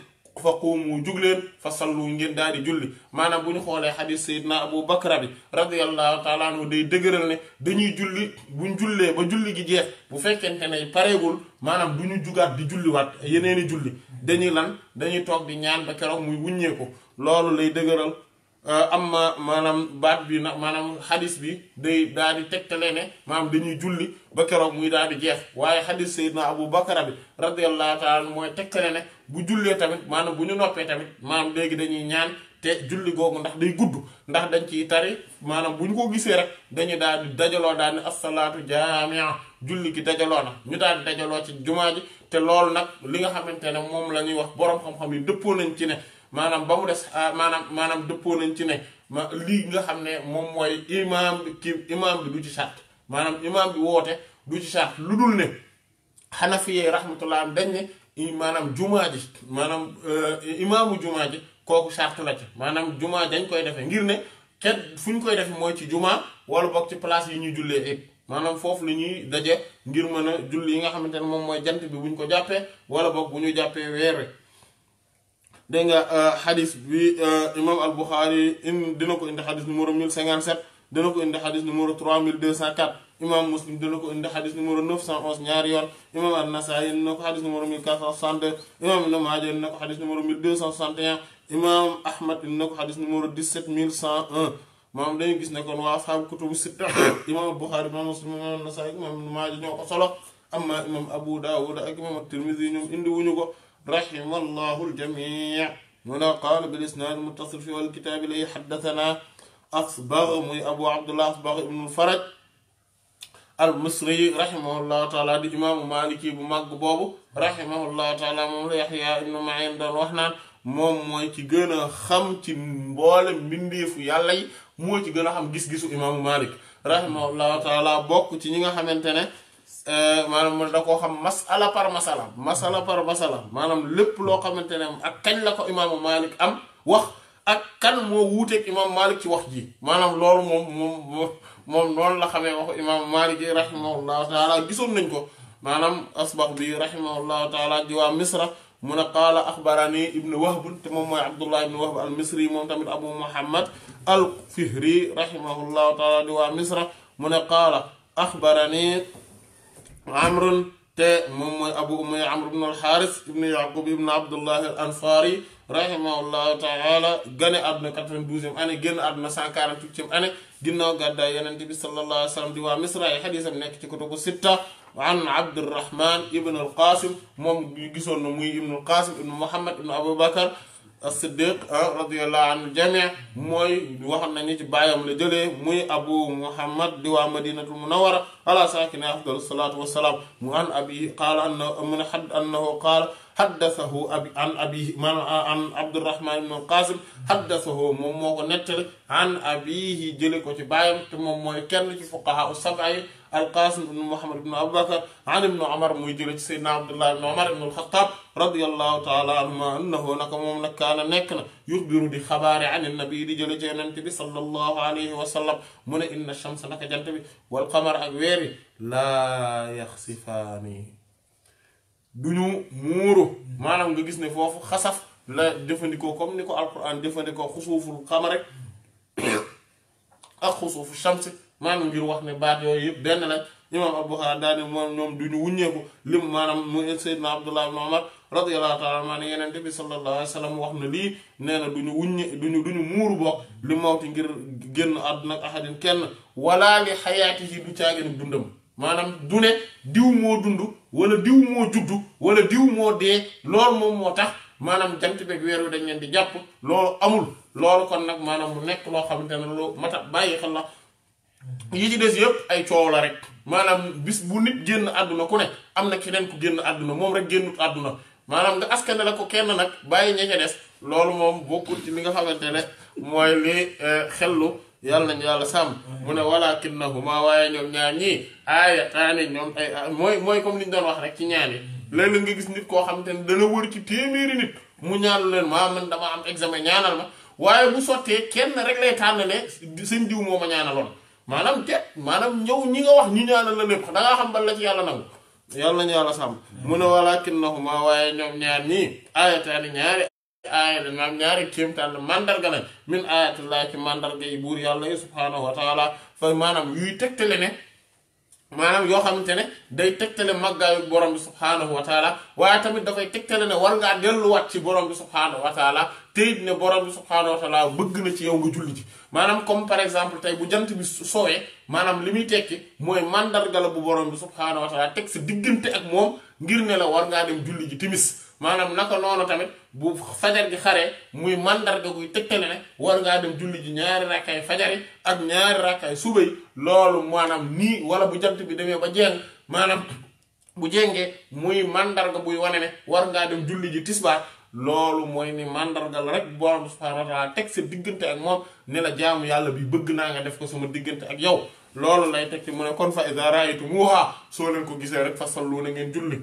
fa quumu mu leen fa sallu ngeen daal di julli maanaam bu ñu xoolee xadis na abu bakra bi radiallahu taala anhu day dëgëral ne dañuy julli bu ñu jullee ba julli gi jeex bu fekkente ne pareegul maanaam du ñu jugaat di julliwaat yeneeni julli dañuy lan dañuy toog bi ñaan ba keroog muy wuññeeku loolu lay dëgëral Euh, am ma maanaam baat bi nag maanaam xadis bi day daal di tegtale ne maanaam dañuy julli ba keroog muy daal di jeex waaye xadis Seydina Abu bakara bi radiyallahu taala mooy tegtale ne bu jullee tamit maanaam bu ñu noppee tamit maanaam léegi dañuy ñaan te julli googu ndax day gudd ndax dañ ciy tari maanaam bu ñu ko gisee rek dañuy daal di dajaloo daal di asalaatu jaamia julli gi dajaloo na ñu daal di dajaloo ci jumaa ji te loolu nag li nga xamante ne moom la ñuy wax boroom xam-xam yi dëppoo nañ ci ne. maanaam ba mu des ah, maanaam maanaam dëppoo nañ ci ne ma lii nga xam ne moom mooy imaam bi kii imaam bi du ci sàtt maanaam imaam bi woote du ci sàtt lu dul ne xanafiyee am dañ ne maanaam jumaa ji maanaam euh, imaamu jumaa ji kooku sàrt la ci maanaam jumaa jañ koy defee ngir ne xet fu ñu koy def mooy ci jumaa wala boog ci place yi ñuy jullee it maanaam foofu la ñuy daje ngir mën a julli yi nga xamante ne moom mooy jant bi bu ñu ko jàppee wala boog bu ñu jàppee weer dégg nga euh, xadis bi euh, imam al buxaari in dina ko indi xadis numéro 1057 dina ko indi xadis numéro 3204 imam muslim dina ko indi xadis numéro 911 ñaari yoon imam al nasaayi dina ko xadis numéro 1462 imam ibn maaja dina gis ne kon waa asxaabu kutubu sitta imam al buxaari imam muslim imam al nasaayi imam ibn maaja ñoo ko solo amma imam abu daawud ak imam at tirmisi ñoom indi wuñu ko رحم الله الجميع هنا قال بالإسناد المتصل في الكتاب الذي حدثنا أصبغ أبو عبد الله أصبغ بن الفرج المصري رحمه الله تعالى الإمام مالكي بمك بابو رحمه الله تعالى مولى يحيى بن معين دروحنا موم موي كي غنا خم تي مبول منديف يالا موي كي غنا خم غيس غيسو امام مالك رحمه الله تعالى بوك تي نيغا خامتاني Euh, maanaam man da koo xam masala par masala masala par masala maanaam lépp loo xamante ne ak kañ la ko imaamu Malik am wax ak kan moo wuuteeg imaamu Malik ci wax ji maanaam loolu moom moom moom noonu la xamee waxu imaamu Malik yi rahimahullahu taala gisoon nañ ko maanaam asbax bi rahimahullahu taala di waa misra mun a qaala axbarani ibnu wahb te moom mooy abdullah ibnu wahb al misri moom tamit abu muhammad al fihri rahimahullahu taala di waa misra mun a qaala axbarani amrun te moom mooy abu umaya amr ibn alxaaris ibn yaqub ibn abdullahi al ansaari rahimahullahu taala gane àdduna 92e année génn àdduna 148e année ginnaaw gàddaay yonent bi sallallahu alayhi wa sallam di waa misra yi xadiisam nekk ci kutubu sitta an abdurrahman ibn alqasim moom gisoon na muy ibn alqasim ibn muhammad ibn abubakar الصديق رضي الله عن الجميع موي وخمنا نيت بايام لا موي ابو محمد ديوا مدينه المنوره على ساكن افضل الصلاه والسلام عن ابي قال انه من حد انه قال حدثه أبي عن أبي من عن عبد الرحمن بن القاسم حدثه مموه نتر عن أبيه جلك وتبايم ثم مموه كن فقهاء السبع القاسم بن محمد بن أبو بكر عن ابن عمر مجلس سيدنا عبد الله بن عمر بن الخطاب رضي الله تعالى عنه أنه نكم من كان نكنا يخبر دي خبار عن النبي دي جل جنتبي صلى الله عليه وسلم من إن الشمس لك جنتبي والقمر أقويري لا يخسفاني du ñu muuru maanaam nga gis ne foofu xasaf la jëfandikoo comme ni ko alquran jëfandikoo xusuuful xamare ak xusuufu shamsi maanaam ngir wax ne baat yooyu yëpp benn lañ imaam al-Buxaari daal moom ñoom du ñu wuññeeku lim maanaam mu Seydina Abdullah ibn Umar radiyallahu taala maa ne yeneen bi sallallahu alayhi wa sallam wax na lii nee na du ñu wuññe duñu du ñu muuru bokk li mawti ngir génn àdduna ak ahadin kenn wala li xayaati yi du caagin dundam maanaam du ne diw moo dund wala diw moo juddu wala diw moo dee loolu moom moo tax maanaam jant beeg weer wi dañ leen di jàpp loolu amul loolu kon nag maanaam mu nekk loo xamante ne loo mat a bàyyi xel la yi ci des yëpp ay coow la rek maanaam bis bu nit génn àdduna ku ne am na keneen ku génn àdduna moom rek génnut àdduna maanaam nga askane la ko kenn nag bàyyi ña ca des loolu moom bokkul ci li nga xamante ne mooy li eh, xellu. yàlla nañu yàlla sàmm mu ne walaakinnahuma waaye ñoom ah, mooy comme li ñu doon wax rek ci ñaan yi nga gis nit koo xam te ne dana wër ci téeméeri nit mu ñaanu leen maa man am examen ñaanal ma waaye bu sottee kenn rek lay tànn ne seen diw moo ma ñaanaloon maanaam tet maanaam ñëw ñi nga wax ñu ñaanal la lépp da ngaa xam ban la ci yàlla nangu yàlla nañu yàlla sàmm mu ñoom ñaar ñii aayataani ñaari aaya la maam ñaari kéemtaan la mandarga la min ayatullah ci mandarga yi buur yàlla yi subhaanahu wa taala maanaam yuy tegtale ne maanaam yoo xamante ne day tegtale màggaayu borom bi subhaanahu wa taala waaye tamit dafay tegtale ne war ngaa delluwaat ci borom bi subhaanahu wa taala teyit ne borom bëgg na ci yow nga julli ci maanaam comme par exemple tey bu jant bi soowee maanaam li muy tekki mooy mandarga la bu borom bi subhaanahu wa teg si diggante ak moom ngir ne la war ngaa dem julli ji timis manam naka nono tamit bu fajar gi xare muy ga guy tekkale ne war nga dem julli ji ñaari rakkay fajar yi ak ñaari rakkay suba yi loolu maanaam nii wala bu jant bi demee ba jeng manam bu jenge muy ga buy wane ne war nga dem julli ji tisba lolu moy ni mandar ga rek borom subhanahu wa taala tek ci diggante ak mom ne la jaamu yalla bi bëgg na nga def ko sama diggante ak yow lolu lay tek ci mu ne kon fa iza raaytumuuhaa so len ko gisee rek fa sallu na ngeen julli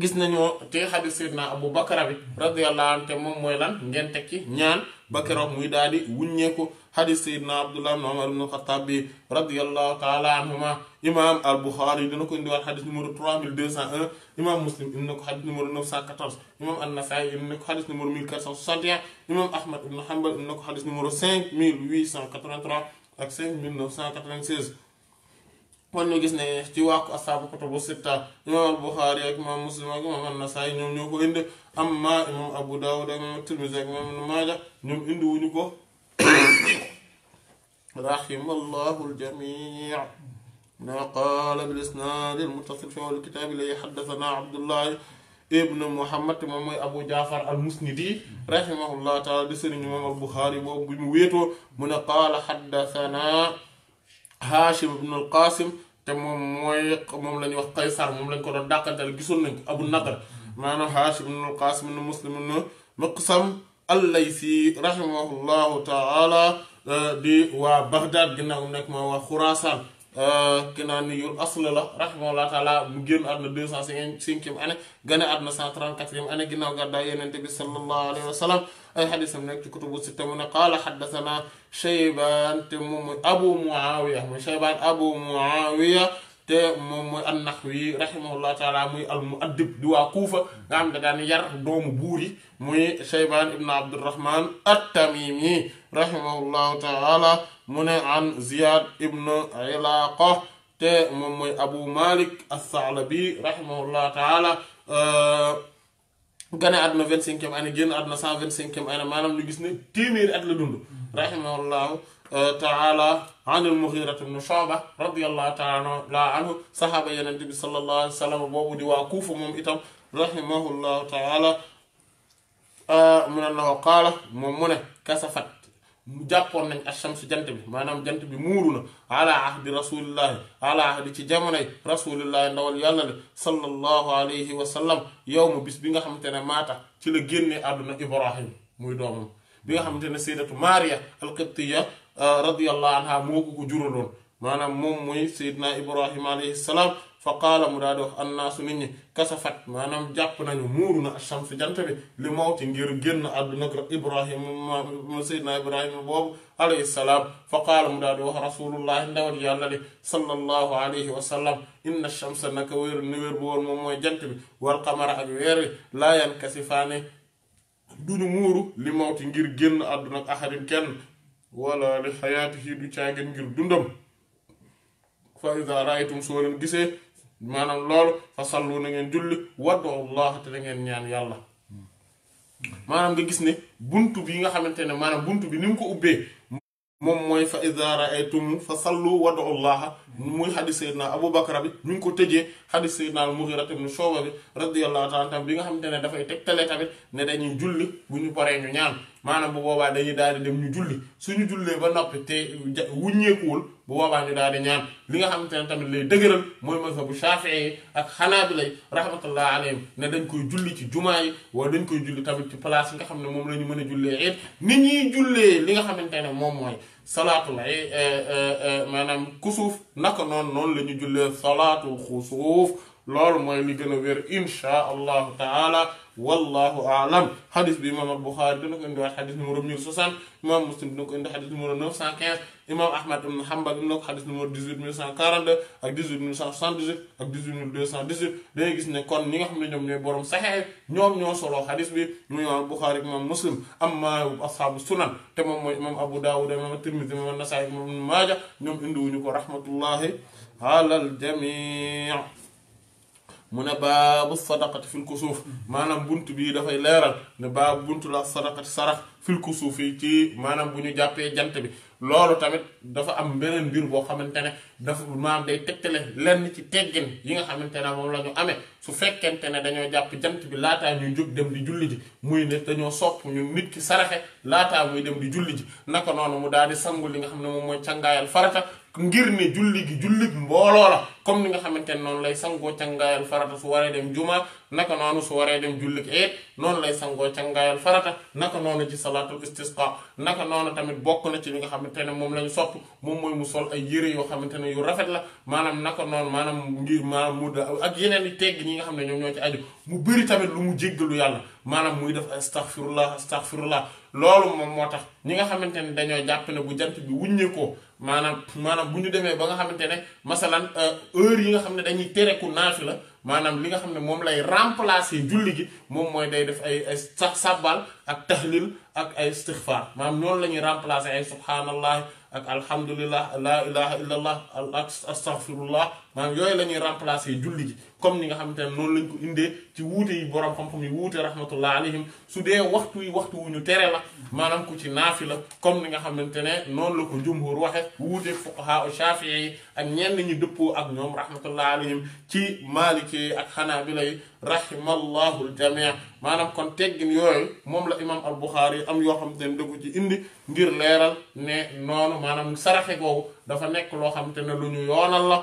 gis nañoo te xadis sayyidina Abu Bakra bi radiyallahu anhu te moom mooy lan ngeen teg ñaan ba keroog muy daal di wuññeeku xadis sayyidina Abdullah ibn Umar ibn Khattab bi radiyallahu taala anhuma imam al Bukhari dina ko indiwaat xadis numéro 3201 Muslim indi na ko xadis numéro 914 imam An-Nasa'i indi na ko xadis numéro 1461 imam Ahmad ibn Hanbal indi kon ñu gis ne ci wàqu asxaabu kutubu sitta imam al buxaari ak imam muslim ak imam annasaayi ñoom ñoo ko indi amma imam abu daawud ak imam tirmisi ak imam ibnu maaja ñoom indi wuñu ko rahimallahu aljamii na qaala bil isnaad al muttasil fi awwal kitaab lay xaddasana abdullahi ibnu muhammad te moom mooy abu jaafar al musnidi rahimahullah taala di sëriñ imam al buxaari boobu bu mu wéetoo mu ne qaala هاشم بن القاسم تمام لن يوقع قيصر مم لن يكون داقا تل جسونك أبو النضر مانا هاشم بن القاسم من المسلم من مقسم الليثي رحمه الله تعالى دي وبغداد جنا ونك ما وخراسان Euh, Kinaani yu asla la rahimahullah taala mu génn àdduna deux cent cinquième année gane àdduna cent trente-quatrième année ginnaaw gàddaay Yonent bi sallallahu alayhi wa sallam ay xadisam nekk ci kutubu sitta mu ne qaala xaddasana Shaybaan te moom mooy Abu Muawiya mooy Shaybaan Abu Muawiya te moom mooy an-Naxwi rahimahullah taala muy al-mu'addib di waa Kuufa nga xam ne daan yar doomu buur yi muy Shaybaan ibn Abdurrahman at-Tamimi rahimahullah taala mu ne an ziyad ibn ilaaqa te moom mooy abu malik as-saalabi rahimahullah taala gane àdduna vingt cinquième année génn àdduna cent vingt cinquième année maanaam ñu gis ne téeméeri at la dund rahimahullahu taala an al-Mughira ibn Shu'ba radiyallahu taala anhu saxaaba Yonent bi sallallahu alayhi wa sallam boobu di waa Kuufa moom itam rahimahullahu taala mu ne qaala moom mu ne kasafat mu jàppoon nañ ashamsu jant bi maanaam jant bi muuru na ala ahdi rasulillahi ala ahdi ci jamonoy rasulillahi ndawal yàlla le sallallahu alayhi wa sallam yow ma bis bi nga xamante ne maata ci la génne àdduna ibrahim muy doomam bi nga xamante ne saydatu maria alqibtiya uh, radiallahu anha moo ko ko juraloon maanaam moom muy saydna ibrahim alayhi salaam fa qaala mu daal di wax annaasu nit ñi kasafat maanaam jàpp nañu muuru na ash-shams jant bi li mawti ngir génn àdduna ko ibrahima ma seydina ibrahima boobu alayhi salaam fa qaala mu daal di wax rasulullahi ndawal yàlla de sallallahu alayhi wa inna shamsa naka wéer ni wéer bu woon moom mooy jant bi wal qamara ak weer wi laa yankasifaani duñu muuru li mawti ngir génn àdduna ak ahadin kenn wala li xayaatihi du caagin ngir dundam fa iza raaytum soo maanaam loolu fa sallu na ngeen julli waddullaha te na ngeen ñaan yàlla maanaam nga gis ne bunt bi nga xamante ne maanaam bunt bi ni mu ko ubbee moom mooy fa ay ra'aytum fa sallu waddullaha muy xadis sayyidina Abu Bakra bi ñu ngi ko tëjee xadis sayyidina al-Mughira ibn Shu'ba bi radiyallahu ta'ala anhu bi nga xamante ne dafay teg tegtale tamit ne dañuy julli bu ñu paree ñu ñaan maanaam bu boobaa dañuy daal di dem ñu julli suñu jullee ba noppi te wuññeekuwul bu boobaa ñu daal di ñaan li nga xam ne tamit lay dëgëral mooy bu Shaafi'i yi ak Hanaabila yi rahmatullah alayhim ne dañ koy julli ci jumaa yi wala dañ koy julli tamit ci place yi nga xam ne moom la ñu mën a jullee it nit ñuy jullee li nga xamante ne moom mooy salaatul eh, eh, eh, maanaam kusuuf naka noonu noonu la ñu jullee salaatul xusuuf loolu mooy li gën a wér insha allahu taala والله اعلم حديث بامام البخاري دونك اندي حديث نمبر 1060 امام مسلم دونك اندي حديث نمبر 915 امام احمد بن حنبل دونك حديث نمبر 18142 اك 18178 اك 18218 داي غيس ني كون نيغا خامل نيوم نيي بوروم صحيح نيوم نيو سولو حديث بي نيو البخاري امام مسلم اما اصحاب السنن تي مام موي امام ابو داوود امام الترمذي امام النسائي امام ماجه نيوم اندي ونيو الله على الجميع mu ne baabu sadaqati fil kusuuf maanaam bunt bii dafay leeral ne baabu bunt la sadaqati sarax fil kusuuf yi ci maanaam bu ñu jàppee jant bi loolu tamit dafa am beneen mbir boo xamante ne dafa maanaam day tegtale lenn ci teggin yi nga xamante ne moom la ñu amee su fekkente ne dañoo jàpp jant bi laataa ñuy jóg dem di julli ji muy ne dañoo sopp ñu nit ki saraxe laataa muy dem di julli ji naka noonu mu daal di sangu li nga xam ne moom mooy càngaayal farata ngir ne julli gi jullit mbooloo la comme ni nga xamante ne noonu lay sangoo cangaayal farata su waree dem juma naka noonu su waree dem jullit eet noonu lay sangoo cangaayal farata naka noonu ci salaatul istisqa naka noonu tamit bokk na ci li nga xamante ne moom la ñu sopp moom mooy mu sol ay yére yoo xamante ne yu rafet la maanaam naka noonu maanaam ngir maanaam mu ak yeneen i tegg ñi nga xam ne ñoom ñoo ci aju mu bëri tamit lu mu jéggalu yàlla maanaam muy def astaghfirullah astaghfirullah loolu moom moo tax ñi nga xamante ne dañoo jàpp ne bu jant bi wuññeekoo maanaam maanaam bu ñu demee ba nga xamante ne masalan euh, heure yi nga xam ne dañuy tereku naafi la maanaam li nga xam ne moom lay remplacer julli gi moom mooy day def ay ay sax sàbbal ak tahlil ak ay istighfar maam noonu la ñuy remplacer ay subhanallah ak alhamdulillah la ilaha illallah ak astaghfirullah maanaam yooyu la ñuy remplacer julli gi comme ni nga xamante ne noonu lañ ko indee ci wuute yi borom xam-xam yi wuute rahmatullah alayhim su dee waxtu yi waxtu wu ñu tere la maanaam ku ci naafi la comme ni nga xamante ne noonu la ko jumhur waxe wuute fuqaha ak ñenn ñi dëppoo ak ñoom rahmatullah alayhim ci maaliki ak xanaabila yi rahimallahu ljamia maanaam kon teggin yooyu moom la imam al buxaari yi am yoo xamante ne dëggu ci indi ngir leeral ne noonu maanaam saraxe googu dafa nekk loo xamante ne lu ñu yoonal la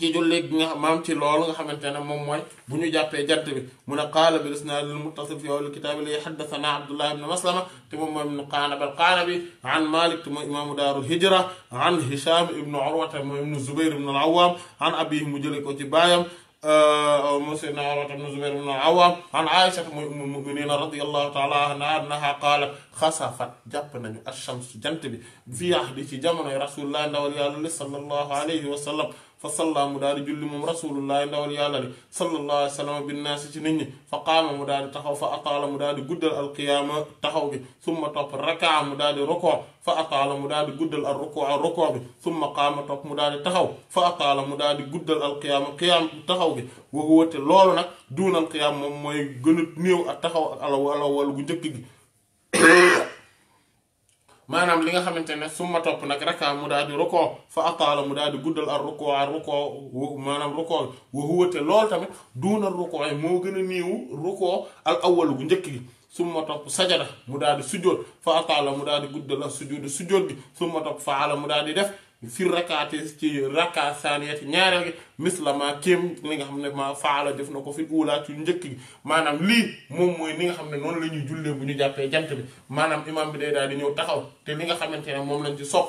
ci jullé nga maam ci loolu nga xamantene mom moy buñu jappé ñu bi muna qala bi rasna lil muttasif fi awwalil kitaabi li haddathana abdullah ibn maslama te moom mooy ibn bal al bi an malik te imam imaamu hijra an hisham ibn urwa urwata mom ibn zubair ibn al awwam an abi mu jële ko ci bayam mo se baayam مسلم عروة بن زبير بن العوام عن عائشة أم المؤمنين رضي الله تعالى عنها أنها قالت خسفت جبنا الشمس جنتبي في عهد في جمن رسول الله sallallahu alayhi wa sallam fa salla mu daal di julli moom rasulullah ndawal yàlla li sallallahu alayhi bi sallam binnaasi ci nit ñi fa qaama mu daal di taxaw fa ataala mu daal di guddal alqiyaama taxaw bi summa topp rakaa daal di rukoo fa ataala mu daal di guddal al rukoo rukoo mu daal di taxaw fa mu daal di guddal alqiyaama qiyaam taxaw bi woogu wate loolu nag duunal qiyaam moom mooy gën a néew ak taxaw ak alaw alaw wal gu njëkk gi maanaam li nga xamante ne summa topp nag raka mu daal di rukoo fa ataala mu daal di guddal ar rukoo ar rukoo maanaam rukoo bi wa huwa te loolu tamit duuna rukoo yi moo gën a néewu rukoo al awwalu bu njëkk gi summa topp sajada mu daal di sujjoot fa ataala mu daal di guddal as sujjoot sujjoot bi summa topp faala mu daal di def fir rakaati ci raka saaniyati ñaareel gi mislama kéem li nga xam ne ma faala def na ko fi uulaa ci njëkk gi maanaam lii moom mooy ni nga xam ne noonu la ñuy jullee bu ñu jàppee jant bi maanaam imam bi day daal di ñëw taxaw te li nga xamante ne moom lañ ci sopp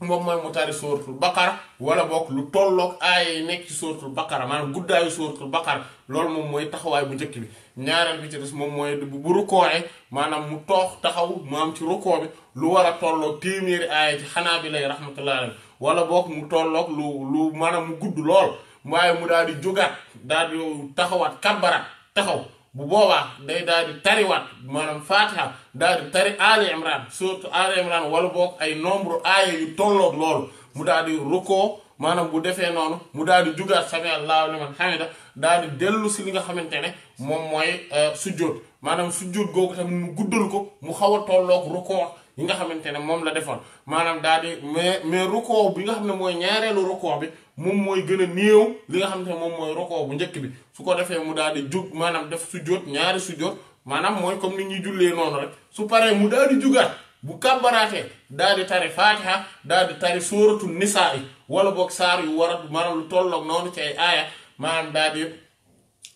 moom mooy mu tari sóoratul baqara wala bokk lu tolloog aay nekk ci sóoratul baqara maanaam guddaayu sóoratul baqara loolu moom mooy taxawaay bu njëkk bi ñaareel bi ci des moom mooy bu rukooree maanaam mu toox taxaw maam ci rukoo bi lu war a tolloog téeméeri aay ci xanaa bi lay rahmatullah alayhi wala boog mu tolloog lu lu maanaam mu gudd lool waaye mu daal di jógaat daal di taxawaat kàmbaraat taxaw bu boobaa day daal di tariwaat maanaam fatiha daal di tari ali imran surtout ali imran wala boog ay nombre aaya yu tolloog loolu mu daal di rukkoo maanaam bu defee noonu mu daal di jugaat sami allahu liman hamida daal di dellu si li nga xamante ne moom mooy euh, sujjóot maanaam sujjóot googu tamit mu guddal ko mu xaw a tolloog rukkoo yi nga xamante ne moom la defoon maanaam daal di mais mais rukoo bi nga xam ne mooy ñaareelu rukoo bi moom mooy gën a néew li nga xamante ne moom mooy rukoo bu njëkk bi su ko defee mu daal di jug maanaam def sujjóot ñaari sujjóot maanaam mooy comme ni ñuy jullee noonu rek su paree mu daal di jugaat bu kàbbaraatee daal di tari faatiha daal di tari sóoratu nisaa yi wala boog saar yu war a maanaam lu tolloog noonu ci ay aaya maanaam daal di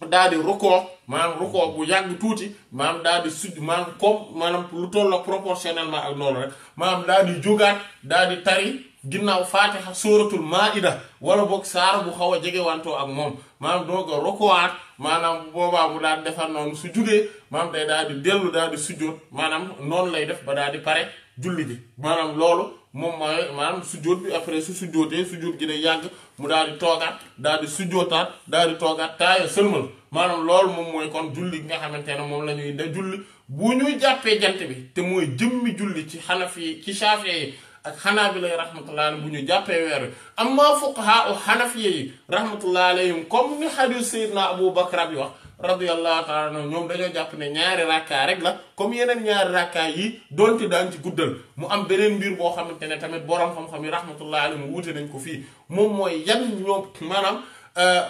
daal di rukkoo maanaam rukkoo bu yàgg tuuti maanaam daal di sujj maanaam comme maanaam lu tolloo proportionnellement ak noonu rek maanaam daal di jógaat daal di tari ginnaaw faatixa sóoratul maida wala boog saar bu xaw a jegewantoo ak moom maanaam doog a rukkoowaat maanaam bu boobaa bu daal defar noonu su jugee maanaam day daal di dellu daal di sujjoot maanaam noonu lay def ba daal di pare julli ji maanaam loolu moom mooy maanaam sujjoot bi après su sujjootee sujjoot gi day yàgg mu daal di toogaat daal di sujjootaat daal di toogaat taaya sëlmal maanaam loolu moom mooy kon julli nga xamante ne moom la ñuy da julli bu ñuy jàppee jant bi te mooy jëmmi julli ci xanafi ci saafee yi ak xanaabi lay rahmatullahi bu ñu jàppee weer wi amma fuqaha u xanafiye yi rahmatullahi alayhim comme ni xadiis sayyidna Abu Bakr bi wax radiyallahu taala anhu ñoom dañoo jàpp ne ñaari rakka rek la comme yeneen ñaari rakka yi donte daan ci guddal mu am beneen mbir boo xamante ne tamit borom xam-xam yi rahmatullahi alayhim wuute nañ ko fii moom mooy yan ñoom maanaam euh,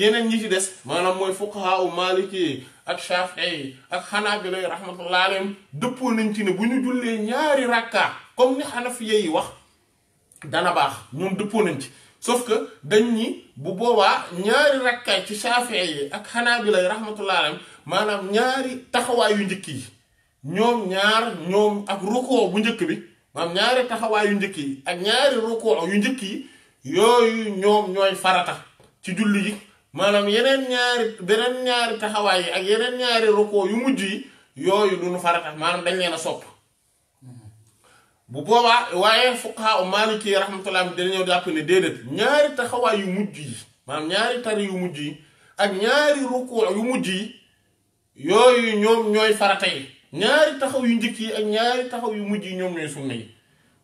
yeneen ñi ci des maanaam mooy fuqaha u maliki ak shafii ak xanaabila rahmatullahi alayhim dëppoo nañ ci ne bu ñu jullee ñaari rakka comme ni xanafiya yi wax dana baax ñoom dëppoo nañ ci. sauf que dañ ñi bu boobaa ñaari rakkaay ci saafee yi ak xanaa bi lay rahmatullah alayhi maanaam ñaari taxawaay yu njëkk yi ñoom ñaar ñoom ak rukoo bu njëkk bi maanaam ñaari taxawaay yu njëkk yi ak ñaari rukoo yu njëkk yi yooyu ñoom ñooy farata ci julli yi maanaam yeneen ñaari beneen ñaari taxawaay yi ak yeneen ñaari rukoo yu mujj yi yooyu duñu farata maanaam dañ leen a sopp bu boba waye fuqaha maaliki rahmatullah bi dañu ñëw jàpp ne déedéet ñaari taxawaay yu mujj yi maanaam ñaari tari yu mujj yi ak ñaari ruku yu mujj yi yooyu ñoom ñooy farata yi ñaari taxaw yu njëkk yi ak ñaari taxaw yu mujj yi ñoom ñooy sunna yi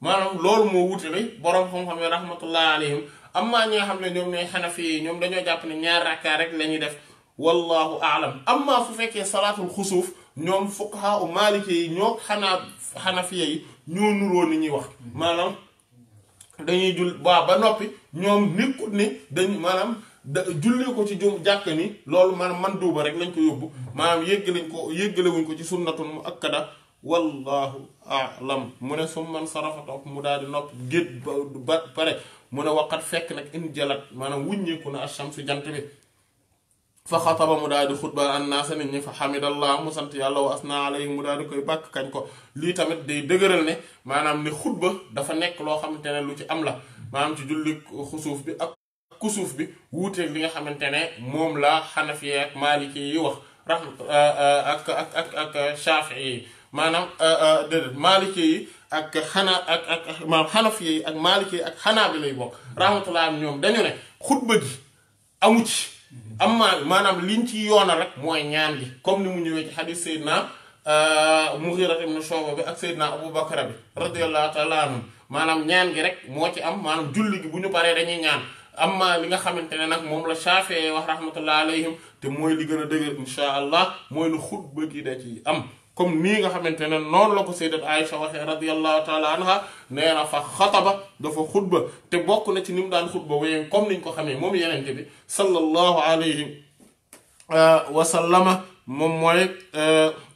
manam lool mo moo wutale borom xam-xam yi rahmatullah alayhim amma ñi nga xam ne ñom ñoy xanafi ñom dañu jàpp ne ñaar rakka rek la def wallahu a'lam amma fu fekke salatul khusuf ñom fuqaha o maliki ñok xanaa xanafiya yi ñoo nuroo ni ñuy wax maanaam dañuy jul waaw ba noppi ñoom nekkut ni dañ maanaam da jullee ko ci jum jàkk ni loolu maanaam man duuba rek lañ ko yóbbu maanaam yégg lañ ko yéggalewuñ ko ci sunnatun mu akkada wallahu alam mu ne su man sarafa topp mu daal di nopp géet ba pare mu ne waqat fekk nag in jalat maanaam wuññeeku naa asham su jant bi فخطب مداد خطبه الناس نني فحمد الله مسنت الله واسنا عليه مداد كوي باك كانكو لي تاميت دي دغرل ني مانام ني خطبه دا فا نيك لو خامتاني لو تي ام لا مانام تي جولي خسوف بي اك كسوف بي ووتيك ليغا خامتاني موم لا حنفيه اك مالكي يي واخ رحم اك اك اك اك شافعي مانام آه، آه، دد مالكي يي اك حنا اك اك مام حنفيه اك مالكي اك حنابلي بوك رحمه الله نيوم دانيو ني خطبه دي اموتي am maanaam liñ ci yoona rek mooy ñaan gi comme ni mu ñëwee ci xadis Seydina euh, Mughira ibn Shu'ba bi ak Seydina Abu Bakra bi radiyallahu taala anhu maanaam ñaan gi rek moo ci am maanaam julli gi bu ñu paree dañuy ñaan am amma li nga xamante ne nag moom la Shaafi'i wax rahmatullah alayhim te mooy li gën a dëgër insha allah mooy lu xutba gi da ci am comme nii nga xamante ne noonu la ko sayyidat Aïcha waxee radiyallahu taala anha nee na fa xataba dafa xutba te bokk na ci ni mu daan xutba waaye comme niñ ko xamee moom yenente bi sallallahu alayhi wa sallama moom mooy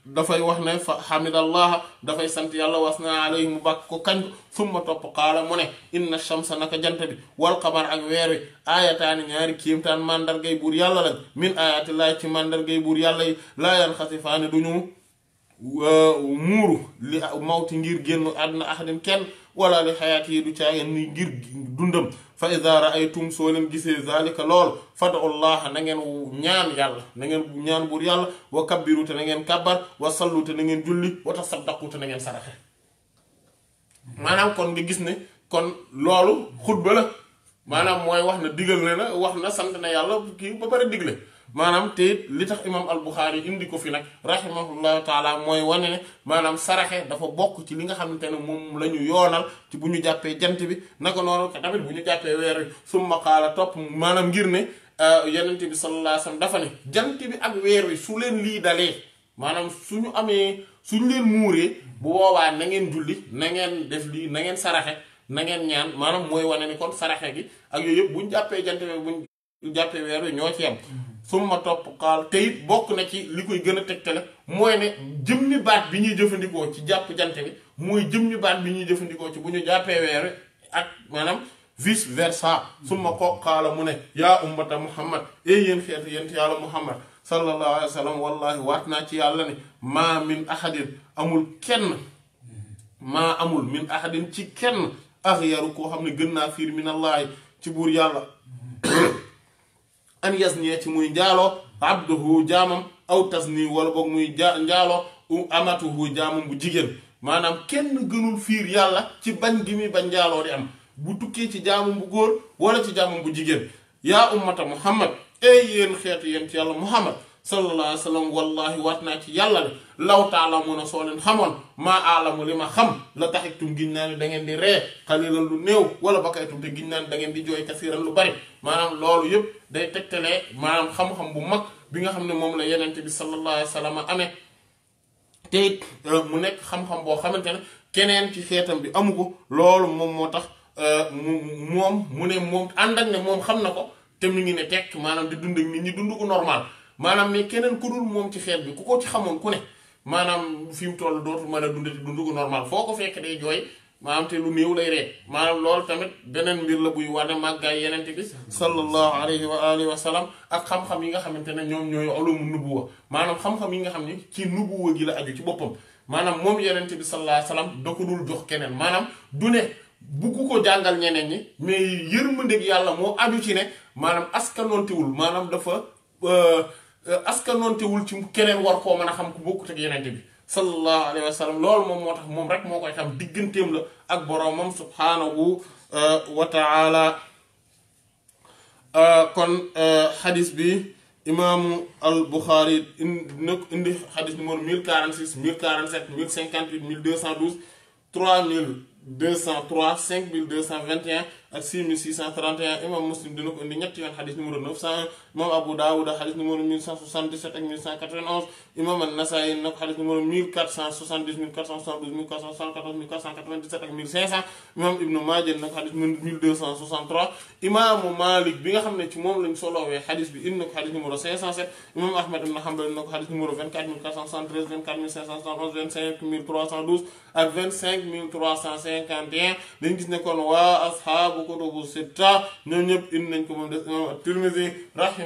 dafay wax ne fa xamidallah dafay sant yàlla was na alayhi mu bàkk ko kañ summa topp qaala mu ne inna shamsa naka jant bi wal qamar ak weer wi aayataani ñaari kéemtaan mandargay buur yàlla lañ min aayatillahi ci mandargay buur yàlla yi laa yan xasifaani duñu muuru li mawti ngir génn àdduna ahadin ken wala li xayaat yi du caagen ni ngir dundam fa iza raaytum soo leen gisee zalika lool fad'u llaha na ngeen ñaan yàlla na ngeen ñaan buur yàlla wa kabbiru te na ngeen kabbar wa sallu te na ngeen julli wa tasaddaqu te na ngeen saraxe kon nga gis ne kon loolu xutba la maanaam mooy wax na digal ne na wax na sant na ba digle maanaam te li tax imam al-Bukhari indi ko fi nag rahimahullahu taalaa mooy wane ne maanaam saraxe dafa bokk ci li nga xamante ne moom la ñu yoonal ci bu ñu jàppee jant bi naka noonu te tamit ñu jàppee weer wi summa qaala topp maanaam ngir ne euh, yonent bi sallallahu alayhi wasallam dafa ne jant bi ak weer wi su leen lii dalee maanaam su ñu amee suñ leen muuree bu boobaa na ngeen julli na ngeen def lii na ngeen saraxe na ngeen ñaan maanaam mooy wane ni kon saraxe gi ak yooyu yëpp bu ñu jàppee jant bi bu ñu jàppee weer wi ñoo ci yem summa topp xaal te bokk na ci li koy gën a tegtale mooy ne jëmmi baat bi ñuy jëfandikoo ci jàpp jante bi mooy jëmmi baat bi ñuy jëfandikoo ci bu ñu jàppee weer ak maanaam vice versa summa ko xaala mu ne yaa ummata muhammad ey eh yéen xeet yéen yàlla muhammad sallallahu alayhi wa sallam wallahi waat naa ci yàlla ne maa min ahadin amul kenn maa amul min ahadin ci kenn ax yaru koo xam ne gën naa fiir min ci buur yàlla an yasniya ci muy njaaloo abduhu jaamam aw tasni wala boog muy ja njaaloo u amatuhu jaamam bu jigéen maanaam kenn gënul fiir yàlla ci bañ gi muy bañ njaaloo di am bu tukkee ci jaamam bu góor wala ci jaamam bu jigéen yaa ummata muhammad ey yéen xeetu yéen ci yàlla muhammad sallallahu alayhi wa sallam wallahi waat naa ci yàlla de law a soo leen xamoon maa aalamu li ma xam la taxit tum giñ naa ne da ngeen di ree xalilan lu néew wala bakaytum te giñ naa da ngeen di jooy kasiran lu bari maanaam loolu yëpp day tegtalee maanaam xam-xam bu mag bi nga xam ne moom la yenente bi sallallahu alayhi wa sallam amee te euh, mu nekk xam-xam boo xamante ne keneen ci xeetam bi amu ko loolu moom moo tax euh, mu moom mu ne moom ànd ak ne moom xam na ko te mu ngi ne tekk maanaam di dund ak nit ñi dund ko normal maanaam mais keneen ku dul moom ci xeet bi ku ko ci xamoon ku ne maanaam fi mu toll dootul mën a dundati dund ko normal foo ko fekk day jooy maanaam te lu néew lay ree maanaam loolu tamit beneen mbir la buy wane màggaay yenente bi sallallahu alayhi wa alihi wa sallam ak xam-xam yi nga xamante ne ñoom ñooy ulumu nubuwa maanaam xam-xam yi nga xam ne ci nubuwa gi la aju ci boppam maanaam moom yenente bi sallallahu alayhi wa da ko dul jox keneen maanaam du ne bugg ko jàngal ñeneen ñi mais yërmandeeg yàlla moo aju ci ne maanaam askanontewul maanaam dafa euh, euh, askanontewul ci keneen war koo mën a xam ku bokkut ak yenente bi sallallahu alayhi wa sallam loolu moom moo tax moom rek moo koy xam digganteem la ak boroomam subhaanahu uh, wa taala uh, kon uh, xadis bi imaamu al buxaari indi xadis numéro 1046 1047 1058 1212 3203 5221 ak 6631 imam muslim dina ko indi ñetti yoon xadis numéro 901 moom Abu Daawud xadis numéro 1177 ak 1191 imam An-Nasaa'i nag xadis numéro 1470 1472 1474 1497 ak 1500 imam Ibnu Maaja nag xadis numéro 1263 imaamu Maalik bi nga xam ne ci moom lañ solowee xadis bi indi na ko xadis numéro 507 imam Ahmad ibn Hanbal na ko xadis numéro 24 473 24 571 25 312 ak 25 351 dañ gis ne kon waa ashaabu kutubu sitta ñoom ñëpp indi nañ ko moom des imam At-Tirmidhi rahim